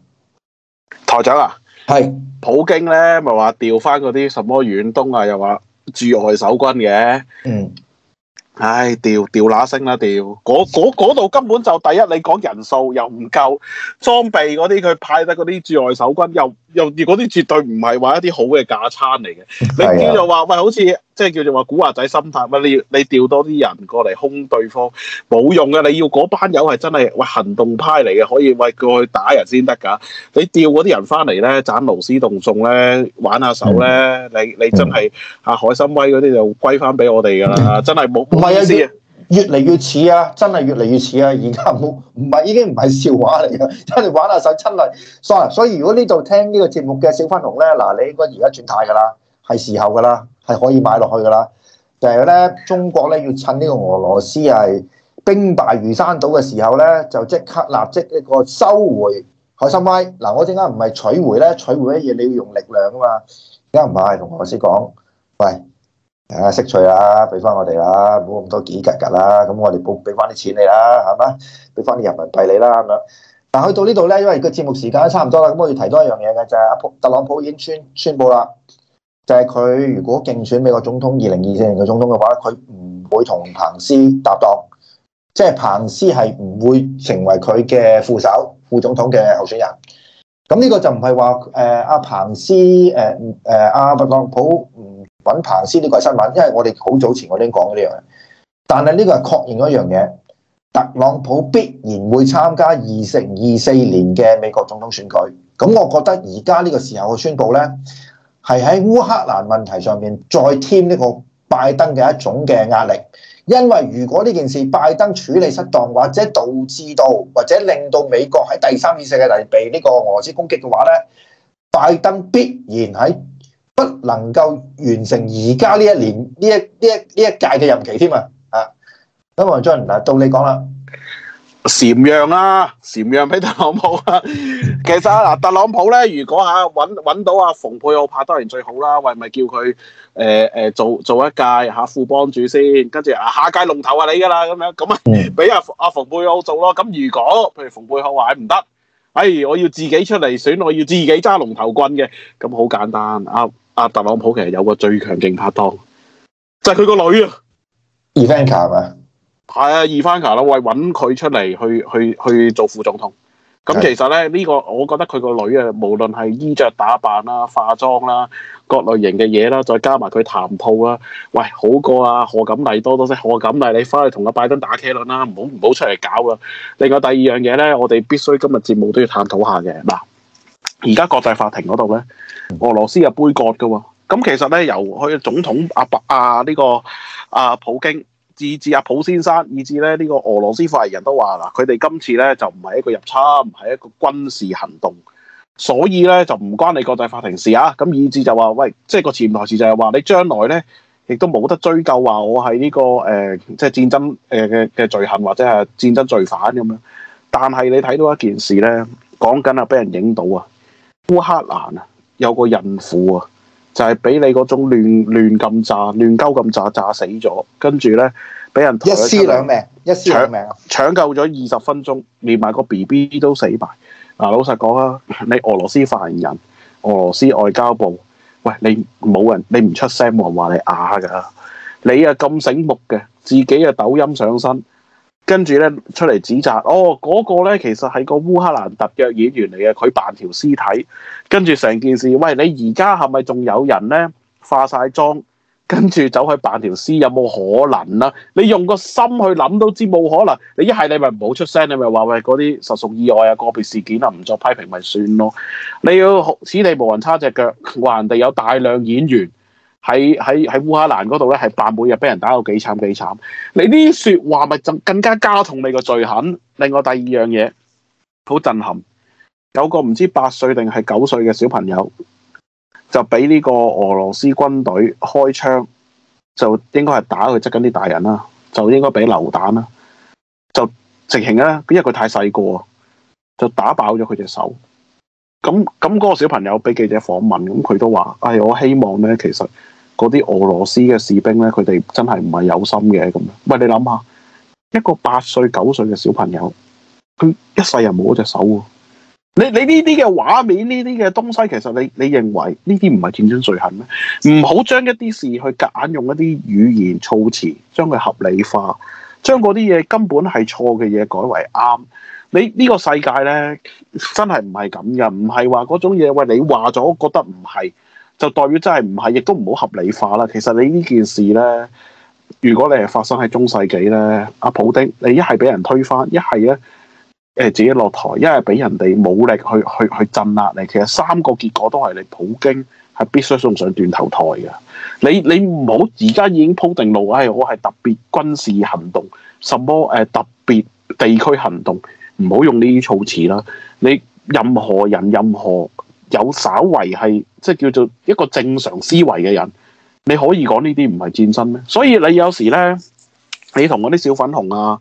台長啊，係是普京咧，咪話調翻嗰啲什麼遠東啊，又話駐外守軍嘅。嗯。唉，掉掉乸聲啦，掉！嗰度根本就第一，你講人數又唔夠，裝備嗰啲佢派得嗰啲駐外守軍又。又嗰啲絕對唔係話一啲好嘅假餐嚟嘅，你唔知就話喂，好似即係叫做話古惑仔心態，乜你你調多啲人過嚟兇對方冇用嘅，你要嗰班友係真係喂行動派嚟嘅，可以喂過去打人先得㗎。你調嗰啲人翻嚟咧，盞勞師動眾咧，玩下手咧，你你真係嚇，海參崴嗰啲就歸翻俾我哋㗎啦，真係冇威一越嚟越似啊！真係越嚟越似啊！而家冇唔係已經唔係笑話嚟㗎，真係玩下手出嚟。所以如果呢度聽呢個節目嘅小粉紅咧，嗱，你應該而家轉態㗎啦，係時候㗎啦，係可以買落去㗎啦。就係、是、咧，中國咧要趁呢個俄羅斯係兵敗如山倒嘅時候咧，就即刻立即呢個收回海參崴。嗱，我陣間唔係取回咧，取回乜嘢？你要用力量㗎嘛？而家唔係同俄羅斯講，喂。啊，識趣啦，俾翻我哋啦，冇咁多嘰格喳喳啦。咁我哋補俾翻啲錢你啦，係嘛？俾翻啲人民幣你啦，咁樣。但去到呢度咧，因為個節目時間都差唔多啦，咁我哋提多一樣嘢嘅，就係、是、阿特朗普已經宣宣布啦，就係、是、佢如果競選美國總統二零二四年嘅總統嘅話，佢唔會同彭斯搭檔，即、就、係、是、彭斯係唔會成為佢嘅副手、副總統嘅候選人。咁呢個就唔係話誒阿彭斯誒誒阿特朗普唔。尹彭斯呢個係新聞，因為我哋好早前我已經講過呢樣嘢，但係呢個係確認一樣嘢，特朗普必然會參加二零二四年嘅美國總統選舉。咁我覺得而家呢個時候嘅宣佈呢，係喺烏克蘭問題上面再添呢個拜登嘅一種嘅壓力，因為如果呢件事拜登處理失當，或者導致到或者令到美國喺第三次世界嚟被呢個俄羅斯攻擊嘅話呢，拜登必然喺。不能夠完成而家呢一年呢一呢一呢一屆嘅任期添啊！啊咁王俊嗱到你講啦，禪讓啦，禪讓俾特朗普啊！ 其實啊，特朗普咧，如果吓揾揾到阿、啊、蓬佩奧拍當然最好啦，喂咪叫佢誒誒做做，做一屆吓副幫主先，跟住啊下屆龍頭啊你噶啦咁樣，咁啊俾阿阿蓬佩奧做咯。咁、啊、如果譬如蓬佩奧話唔得，哎我要自己出嚟選，我要自己揸龍頭棍嘅，咁好簡單，啱、啊。特朗普其實有個最強勁拍檔，就係佢個女啊，Ivanka 係咪？係啊，Ivanka 啦，喂，揾佢出嚟去去去做副總統。咁其實咧，呢個我覺得佢個女啊，無論係衣着打扮啦、化妝啦、各類型嘅嘢啦，再加埋佢談吐啦，喂，好過啊賀錦麗多多聲。賀錦麗你翻去同阿拜登打茄輪啦，唔好唔好出嚟搞啊！另外第二樣嘢咧，我哋必須今日節目都要探討下嘅嗱。而家國際法庭嗰度咧，俄羅斯係杯葛噶喎，哦。咁其實咧，由佢總統阿伯啊呢、啊這個啊普京，以至阿、啊、普先生，以至咧呢、這個俄羅斯發言人都話啦，佢哋今次咧就唔係一個入侵，係一個軍事行動。所以咧就唔關你國際法庭事啊。咁以至就話喂，即係個潛台詞就係話你將來咧，亦都冇得追究話我係呢、這個誒、呃、即係戰爭誒嘅嘅罪行或者係戰爭罪犯咁樣。但係你睇到一件事咧，講緊啊俾人影到啊！烏克蘭啊，有個孕婦啊，就係、是、俾你嗰種亂亂咁炸、亂鳩咁炸炸死咗，跟住呢，俾人一屍兩命，搶，一屍兩命，搶救咗二十分鐘，連埋個 B B 都死埋。嗱，老實講啊，你俄羅斯發言人，俄羅斯外交部，喂，你冇人，你唔出聲，冇人話你啞噶，你啊咁醒目嘅，自己啊抖音上身。跟住咧出嚟指責，哦，嗰個咧其實係個烏克蘭特約演員嚟嘅，佢扮條屍體，跟住成件事，喂，你而家係咪仲有人咧化晒妝，跟住走去扮條屍，有冇可能啦？你用個心去諗都知冇可能，你一係你咪唔好出聲，你咪話喂嗰啲實屬意外啊，個別事件啊，唔作批評咪算咯。你要此地無人差隻腳，話人哋有大量演員。喺喺喺烏克蘭嗰度咧，係白每日俾人打到幾慘幾慘。你呢說話咪就更加加重你個罪行。另外第二樣嘢好震撼，有個唔知八歲定係九歲嘅小朋友，就俾呢個俄羅斯軍隊開槍，就應該係打佢側緊啲大人啦，就應該俾榴彈啦，就直行啦，因為佢太細個，就打爆咗佢隻手。.咁咁，嗰個小朋友俾記者訪問，咁佢都話：唉、哎，我希望呢，其實嗰啲俄羅斯嘅士兵呢，佢哋真係唔係有心嘅。咁，喂，你諗下，一個八歲九歲嘅小朋友，佢一世人冇咗一隻手，啊。你你呢啲嘅畫面，呢啲嘅東西，其實你你認為呢啲唔係戰爭罪行咩？唔好將一啲事去夾硬用一啲語言措辭，將佢合理化，將嗰啲嘢根本係錯嘅嘢改為啱。你呢，這個世界咧，真係唔係咁嘅，唔係話嗰種嘢。喂，你話咗覺得唔係，就代表真係唔係，亦都唔好合理化啦。其實你呢件事咧，如果你係發生喺中世紀咧，阿普丁，你一係俾人推翻，一係咧，誒自己落台，一係俾人哋武力去去去鎮壓你。其實三個結果都係你普京係必須送上斷頭台嘅。你你唔好而家已經鋪定路，誒我係特別軍事行動，什麼誒、呃、特別地區行動。唔好用呢啲措辭啦！你任何人，任何有稍為係即係叫做一個正常思維嘅人，你可以講呢啲唔係戰爭咩？所以你有時咧，你同嗰啲小粉紅啊，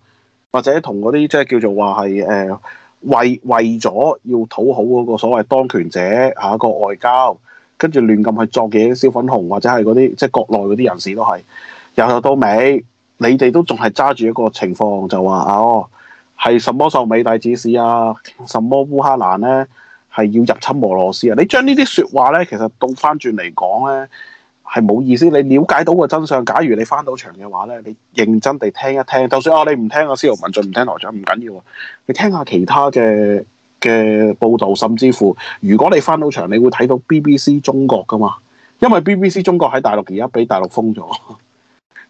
或者同嗰啲即係叫做話係誒為為咗要討好嗰個所謂當權者下一、啊、個外交，跟住亂咁去作嘅小粉紅或者係嗰啲即係國內嗰啲人士都係由頭到尾，你哋都仲係揸住一個情況就話哦。係什麼受美帝指使啊？什麼烏克蘭咧係要入侵俄羅斯啊？你將呢啲説話咧，其實倒翻轉嚟講咧，係冇意思。你了解到個真相，假如你翻到場嘅話咧，你認真地聽一聽。就算我、啊、你唔聽阿司徒文進唔聽，台長唔緊要啊。你聽下其他嘅嘅報導，甚至乎如果你翻到場，你會睇到 BBC 中國噶嘛？因為 BBC 中國喺大陸而家俾大陸封咗。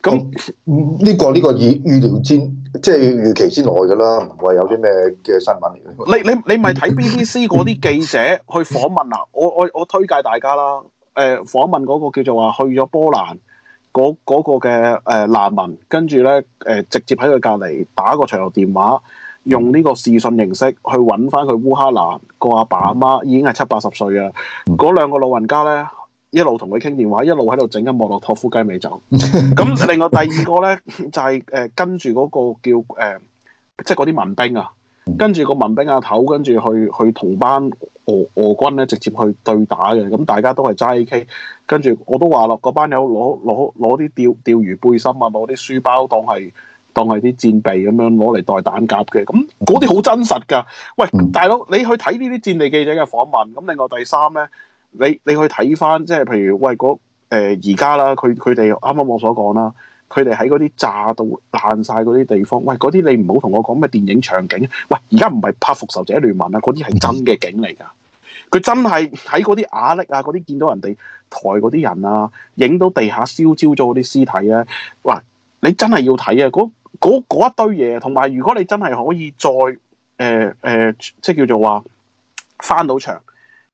咁 呢那、嗯嗯這個呢、這個預預料尖。即係預期之內嘅啦，唔會有啲咩嘅新聞 你。你你你咪睇 BBC 嗰啲記者去訪問啊！我我我推介大家啦，誒、呃、訪問嗰個叫做話去咗波蘭嗰、嗰個嘅誒、嗰個、難民，跟住咧誒直接喺佢隔離打個長途電話，用呢個視訊形式去揾翻佢烏克蘭個阿爸阿媽，已經係七八十歲啊！嗰兩個老人家咧。一路同佢傾電話，一路喺度整緊莫洛托夫雞尾酒。咁另外第二個咧，就係、是、誒、呃、跟住嗰個叫誒、呃，即係嗰啲民兵啊，跟住個民兵阿、啊、頭，跟住去去同班俄俄軍咧直接去對打嘅。咁、嗯、大家都係揸 A K，跟住我都話落嗰班友攞攞攞啲釣釣魚背心啊，攞啲書包當係當係啲戰備咁樣攞嚟代彈夾嘅。咁嗰啲好真實噶。喂，大佬、嗯，你去睇呢啲戰地記者嘅訪問。咁另外第三咧。你你去睇翻即係譬如喂嗰誒而家啦，佢佢哋啱啱我所講啦，佢哋喺嗰啲炸到爛晒嗰啲地方，喂嗰啲你唔好同我講咩電影場景，喂而家唔係拍復仇者聯盟啊，嗰啲係真嘅景嚟噶，佢真係喺嗰啲瓦礫啊，嗰啲見到人哋抬嗰啲人啊，影到地下燒焦咗嗰啲屍體啊，喂，你真係要睇啊，嗰一堆嘢，同埋如果你真係可以再誒誒、呃呃，即係叫做話翻到場。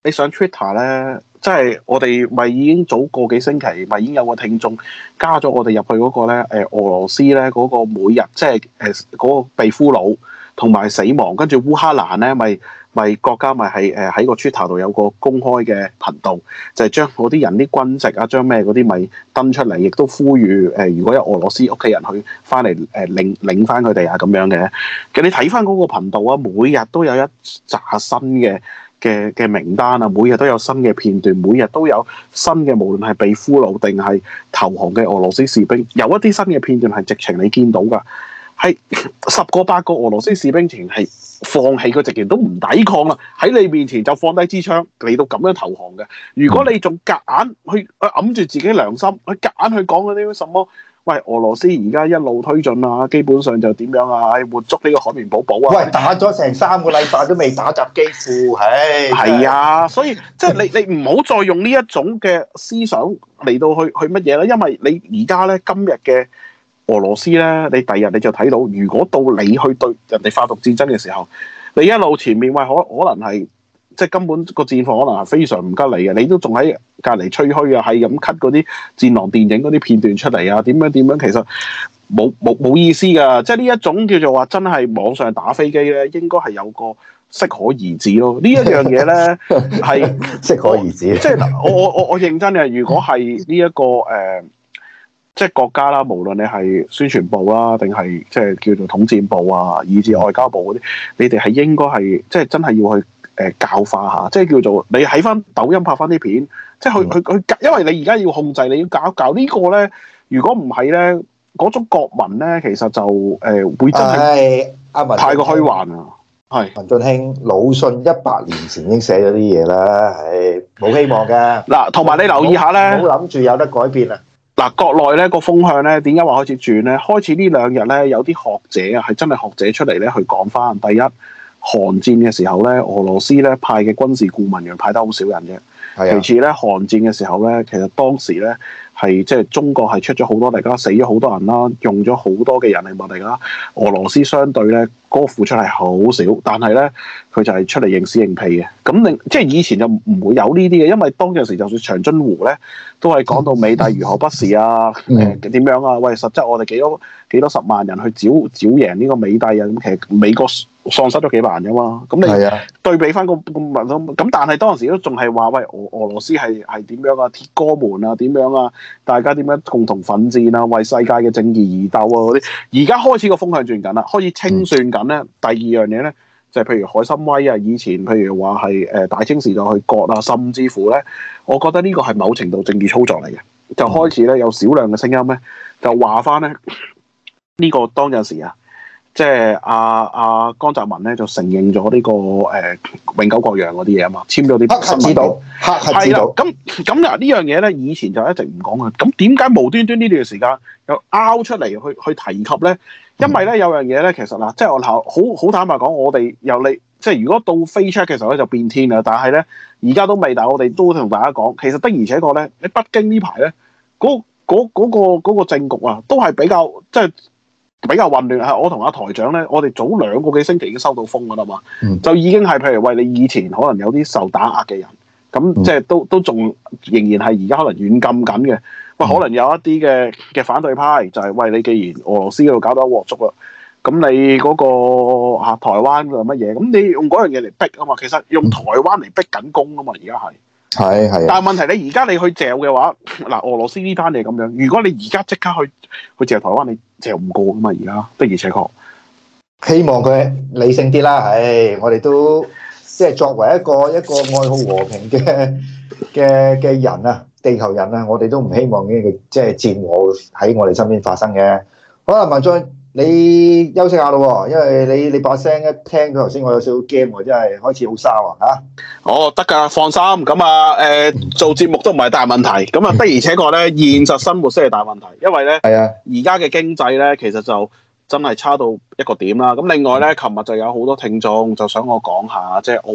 你上 Twitter 咧，即係我哋咪已經早個幾星期，咪已經有個聽眾加咗我哋入去嗰個咧，誒俄羅斯咧嗰個每日即係誒嗰個被俘虜同埋死亡，跟住烏克蘭咧咪咪國家咪係誒喺個 Twitter 度有個公開嘅頻道，就係將嗰啲人啲軍籍啊，將咩嗰啲咪登出嚟，亦都呼籲誒，如果有俄羅斯屋企人去翻嚟誒領領翻佢哋啊咁樣嘅。其實你睇翻嗰個頻道啊，每日都有一集新嘅。嘅嘅名單啊，每日都有新嘅片段，每日都有新嘅，無論係被俘虜定係投降嘅俄羅斯士兵，有一啲新嘅片段係直情你見到噶，係十個八個俄羅斯士兵前係放棄佢，直情都唔抵抗喇，喺你面前就放低支槍嚟到咁樣投降嘅。如果你仲夾硬去揞住自己良心，去夾硬去講嗰啲什麼？喂，俄羅斯而家一路推進啦，啊，基本上就點樣啊？唉，活捉呢個海綿寶寶啊！喂，打咗成三個禮拜都未打雜基輔，唉。係啊， 所以即係、即係、你你唔好再用呢一種嘅思想嚟到去去乜嘢啦，因為你而家咧今日嘅俄羅斯咧，你第日你就睇到，如果到你去對人哋發動戰爭嘅時候，你一路前面喂可可能係。即係根本個戰況可能係非常唔吉利嘅，你都仲喺隔籬吹噓啊，係咁 cut 嗰啲戰狼電影嗰啲片段出嚟啊，點樣點樣，其實冇冇冇意思㗎。即係呢一種叫做話真係網上打飛機咧，應該係有個適可而止咯。一呢一樣嘢咧係適可而止。即係我我我我認真嘅，如果係呢一個誒，即、呃、係、即係、國家啦，無論你係宣傳部啦、啊，定係即係叫做統戰部啊，以至外交部嗰、啊、啲，嗯、你哋係應該係即係真係要去。誒、呃、教化下，即係叫做你喺翻抖音拍翻啲片，即係佢佢佢，因為你而家要控制，你要教教呢個咧。如果唔係咧，嗰種國民咧，其實就誒、呃、會真係太過虛幻啊。係、哎、文俊興，魯迅是一百年前已經寫咗啲嘢啦，係冇希望嘅。嗱，同埋你留意下咧，冇諗住有得改變啊。嗱，國內咧個風向咧，點解話開始轉咧？開始兩呢兩日咧，有啲學者啊，係真係學者出嚟咧去講翻第一。第一韓戰嘅時候咧，俄羅斯咧派嘅軍事顧問員派得好少人嘅。其次咧，韓戰嘅時候咧，其實當時咧。係即係中國係出咗好多，大家死咗好多人啦，用咗好多嘅人力物力啦。俄羅斯相對咧，個付出係好少，但係咧佢就係出嚟認屎認屁嘅。咁你即係以前就唔會有呢啲嘅，因為當陣時就算長津湖咧，都係講到美帝如何不時啊，誒點、嗯呃、樣啊？喂，實質我哋幾多幾多十萬人去剿剿贏呢個美帝啊？咁其實美國喪失咗幾萬㗎嘛。咁你對比翻、嗰個咁咁，咁但係當時都仲係話喂俄俄羅斯係係點樣啊？鐵哥們啊，點樣啊？大家點樣共同奮戰啊？為世界嘅正義而鬥啊！嗰啲而家開始個風向轉緊啦，開始清算緊咧。第二樣嘢咧，就係譬如海參崴啊，以前譬如話係誒大清時代去割啊，甚至乎咧，我覺得呢個係某程度政治操作嚟嘅，就開始咧有少量嘅聲音咧，就話翻咧呢個當陣時啊。即係阿阿江澤民咧就承認咗呢、呢個誒、呃、永久國樣嗰啲嘢啊嘛，簽咗啲北核知道，知道。咁咁嗱呢樣嘢咧，以前就一直唔講嘅。咁點解無端端呢段時間又拗出嚟去去提及咧？因為咧有樣嘢咧，其實嗱，即係我好好坦白講，我哋由你即係如果到飛 c 嘅時候咧就變天啦。但係咧而家都未，但我哋都同大家講，其實的而且確咧，喺北京呢排咧嗰嗰個個政局啊，都係比較即係。比較混亂啊！我同阿台長咧，我哋早兩個幾星期已經收到風噶啦嘛，嗯、就已經係譬如喂你以前可能有啲受打壓嘅人，咁、嗯嗯、即係都都仲仍然係而家可能軟禁緊嘅。喂，可能有一啲嘅嘅反對派就係、是、喂，你，既然俄羅斯嗰度搞到鑊粥啦，咁你嗰、那個、啊、台灣又乜嘢？咁你用嗰樣嘢嚟逼啊嘛，其實用台灣嚟逼緊工啊嘛，而家係。係係，是但係問題咧，而家你去嚼嘅話，嗱，俄羅斯呢單嘢咁樣，如果你而家即刻去去嚼台灣，你嚼唔過噶嘛？而家的而且確，希望佢理性啲啦。唉，我哋都即係作為一個一個愛好和平嘅嘅嘅人啊，地球人啊，我哋都唔希望呢個即係戰禍喺我哋身邊發生嘅。好啦，文進。你休息下咯，因為你你把聲一聽，佢頭先我有少少驚喎，真係開始好沙啊！吓、哦，哦得噶，放心。咁啊，誒、呃、做節目都唔係大問題。咁啊，的而且確咧，現實生活先係大問題，因為咧，係是啊，而家嘅經濟咧，其實就真係差到一個點啦。咁另外咧，琴日、嗯、就有好多聽眾就想我講下，即係澳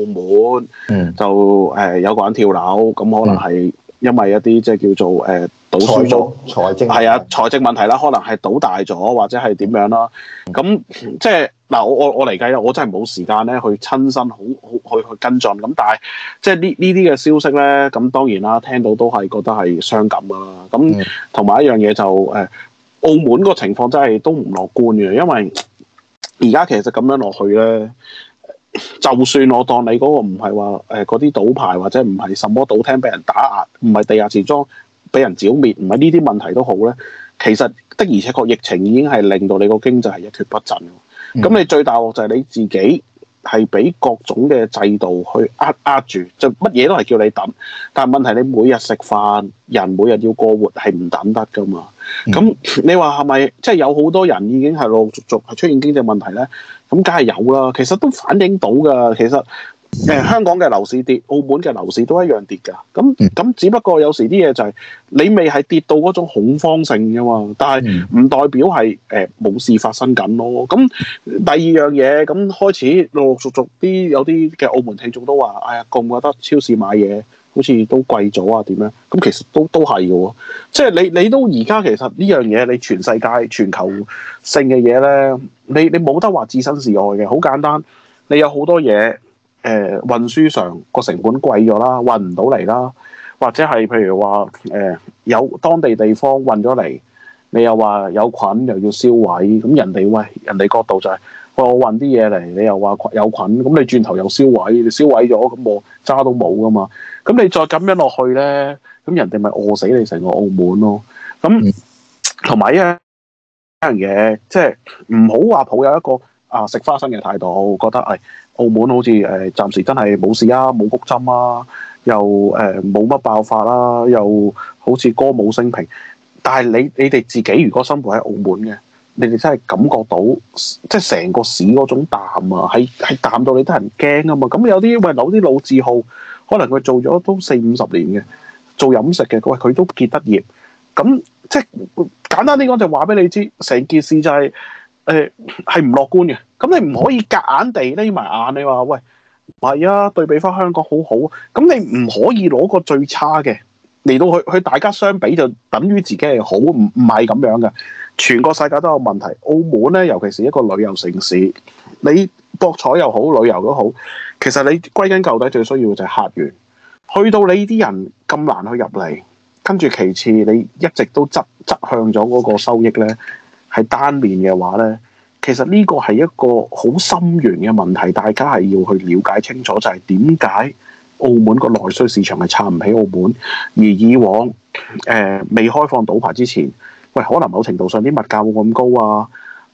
門，嗯就，就、呃、誒有個人跳樓，咁可能係。嗯因為一啲即係叫做誒、呃、賭輸咗，財政係啊，財政問題啦，可能係賭大咗或者係點樣啦。咁即係嗱，我我我嚟計啦，我真係冇時間咧去親身好好去去跟進。咁但係即係呢呢啲嘅消息咧，咁當然啦，聽到都係覺得係傷感啦、啊。咁同埋一樣嘢就誒，澳門個情況真係都唔樂觀嘅，因為而家其實咁樣落去咧。就算我當你嗰個唔係話誒嗰啲賭牌或者唔係什麼賭廳俾人打壓，唔係地下持裝俾人剿滅，唔係呢啲問題都好咧。其實的而且確，疫情已經係令到你個經濟係一蹶不振。咁、嗯、你最大鑊就係你自己係俾各種嘅制度去壓壓住，就乜嘢都係叫你等。但係問題你每日食飯，人每日要過活係唔等得噶嘛？咁、嗯、你話係咪即係有好多人已經係陸陸續續係出現經濟問題咧？咁梗係有啦，其實都反映到噶。其實誒香港嘅樓市跌，澳門嘅樓市都一樣跌噶。咁咁只不過有時啲嘢就係、是、你未係跌到嗰種恐慌性噶嘛，但係唔代表係誒冇事發生緊咯。咁第二樣嘢咁開始陸陸續續啲有啲嘅澳門聽眾都話，哎呀，覺唔覺得超市買嘢？好似都貴咗啊？點樣？咁其實都都係嘅喎，即係你你都而家其實呢樣嘢，你全世界全球性嘅嘢咧，你你冇得話置身事外嘅。好簡單，你有好多嘢，誒、呃、運輸上個成本貴咗啦，運唔到嚟啦，或者係譬如話誒、呃、有當地地方運咗嚟，你又話有菌又要燒毀，咁人哋喂、呃、人哋角度就係、是。我運啲嘢嚟，你又話有菌，咁你轉頭又燒毀，你燒毀咗咁我揸都冇噶嘛。咁你再咁樣落去咧，咁人哋咪餓死你成個澳門咯。咁同埋一樣一樣嘢，即係唔好話抱有一個啊食花生嘅態度，覺得誒澳門好似誒暫時真係冇事啊，冇谷針啊，又誒冇乜爆發啦，又好似歌舞升平。但係你你哋自己如果生活喺澳門嘅。你哋真係感覺到，即係成個市嗰種淡啊，係係淡到你得人驚啊嘛。咁、嗯、有啲喂，有啲老字號，可能佢做咗都四五十年嘅，做飲食嘅，佢佢都結得業。咁、嗯、即係簡單啲講，就話俾你知，成件事就係誒係唔樂觀嘅。咁、嗯、你唔可以夾硬地匿埋眼，你話喂，唔係啊？對比翻香港好好，咁、嗯、你唔可以攞個最差嘅。嚟到去去大家相比就等於自己係好唔唔係咁樣嘅。全個世界都有問題，澳門咧，尤其是一個旅遊城市，你博彩又好，旅遊都好，其實你歸根究底最需要嘅就係客源。去到你啲人咁難去入嚟，跟住其次你一直都執執向咗嗰個收益咧，係單面嘅話咧，其實，呢個係一個好深遠嘅問題，大家係要去了解清楚，就係點解？澳門個內需市場係撐唔起澳門。而以往誒、呃、未開放賭牌之前，喂，可能某程度上啲物價冇咁高啊。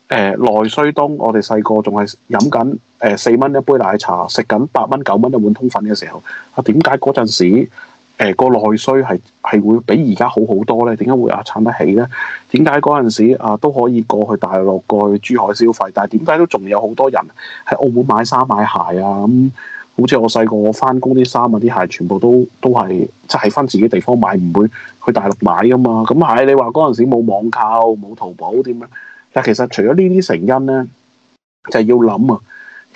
誒、呃、內需東，我哋細個仲係飲緊誒四蚊一杯奶茶，食緊八蚊九蚊一碗通粉嘅時候，啊點解嗰陣時誒個、呃、內需係係會比而家好好多呢？點解會啊撐得起呢？點解嗰陣時啊都可以過去大陸、過去珠海消費，但係點解都仲有好多人喺澳門買衫買鞋啊咁？嗯好似我細個，我返工啲衫啊、啲鞋全部都都係即係返自己地方買，唔會去大陸買㗎嘛。咁、嗯、係你話嗰陣時冇網購、冇淘寶點樣？但其實除咗呢啲成因咧，就係、是、要諗啊。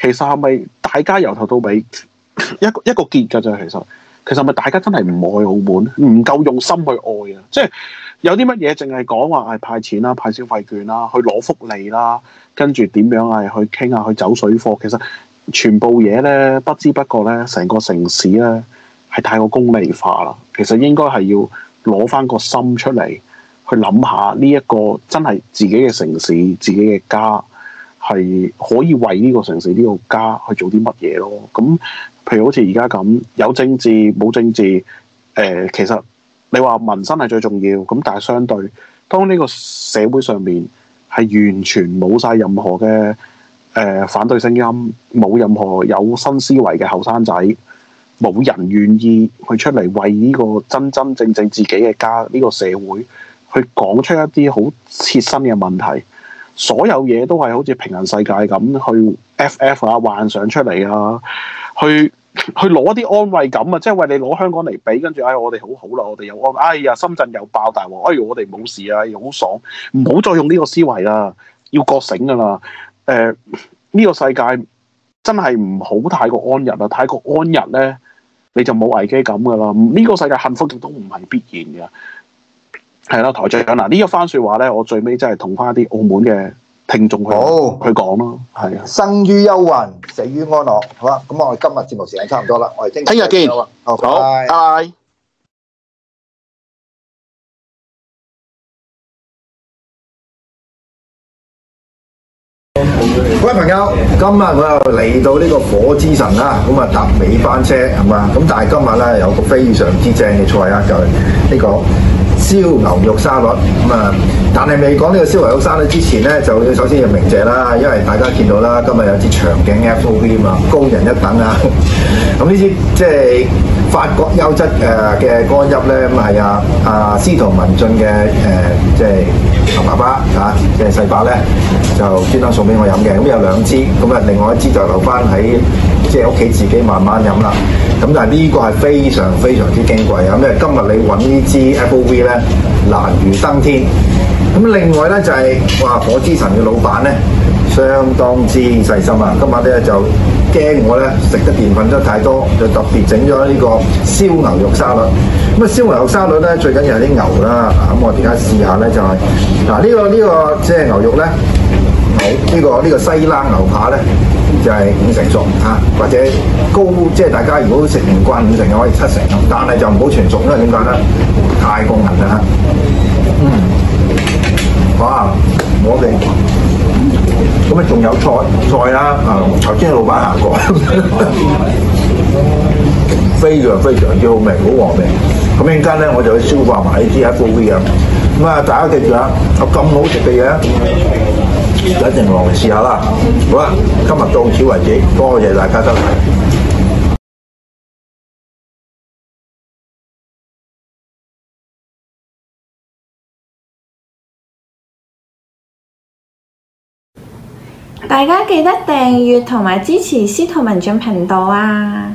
其實係咪大家由頭到尾一個一個結㗎啫？其實其實係咪大家真係唔愛澳門，唔夠用心去愛啊？即係有啲乜嘢淨係講話係派錢啦、派消費券啦、去攞福利啦，跟住點樣係去傾下去走水貨？其實。全部嘢咧，不知不覺咧，成個城市咧係太過功利化啦。其實應該係要攞翻個心出嚟，去諗下呢一個真係自己嘅城市、自己嘅家，係可以為呢個城市、呢、這個家去做啲乜嘢咯。咁譬如好似而家咁，有政治冇政治，誒、呃，其實你話民生係最重要咁，但係相對當呢個社會上面係完全冇晒任何嘅。誒、呃、反對聲音冇任何有新思維嘅後生仔，冇人願意去出嚟為呢個真真正正自己嘅家呢、呢個社會去講出一啲好切身嘅問題。所有嘢都係好似平行世界咁去 FF 啊，幻想出嚟啊！去去攞啲安慰感啊！即係為你攞香港嚟比，跟住唉，我哋好好啦，我哋又安。哎呀，深圳又爆大鑊，哎呦，我哋冇事啊，又好爽。唔好再用呢個思維啦，要覺醒噶啦！誒，呢、呃這個世界真係唔好太過安逸啦，太過安逸咧，你就冇危機感噶啦。呢、這個世界幸福亦都唔係必然嘅，係啦。台長嗱，呢、這、一、個、番說話咧，我最尾真係同翻啲澳門嘅聽眾去，佢好講咯，係生於憂患，死於安樂。好啦，咁我哋今日節目時間差唔多啦，我哋聽日見，見 Okay. 好，拜拜。各位朋友，今日我又嚟到呢個火之神啦，咁啊搭尾班車係嘛，咁但係今日咧有個非常之正嘅菜啊，就係呢個燒牛肉沙律。咁啊，但係未講呢個燒牛肉沙律之前咧，就要首先要鳴謝啦，因為大家見到啦，今日有支長鏡 F O P 啊嘛，高人一等啊，咁呢啲即係，就是法國優質誒嘅干邑咧，咁係啊啊司徒文進嘅誒、呃，即係同爸爸啊，即係細伯咧，就專登送俾我飲嘅。咁有兩支，咁啊另外一支就留翻喺即係屋企自己慢慢飲啦。咁但係呢個係非常非常之矜貴啊！因為今日你揾呢支 Apple V 咧難如登天。咁另外咧就係、是、話火之神嘅老闆咧，相當之細心啊！今日咧就驚我咧食得澱粉質太多，就特別整咗呢個燒牛肉沙律。咁、嗯、啊，燒牛肉沙律咧最緊要係啲牛啦。咁、啊、我而家試下咧就係、是、嗱，呢、啊這個呢、這個即係、這個、牛肉咧，好呢、這個呢、這個西冷牛扒咧就係、是、五成熟嚇、啊，或者高即係大家如果食唔慣五成，可以七成，但係就唔好全熟，因為點解咧？太過硬啦、啊。嗯，好我哋。咁啊，仲有菜菜啦，啊頭先老闆行過， 非常非常之好味，好和味。咁一間咧，我就去消化埋呢啲一個味啊。咁啊，大家記住啊，咁好食嘅嘢，大家一定落嚟試下啦。好啊，今日到此為止，多謝大家收睇。大家記得訂閱同埋支持司徒文進頻道啊！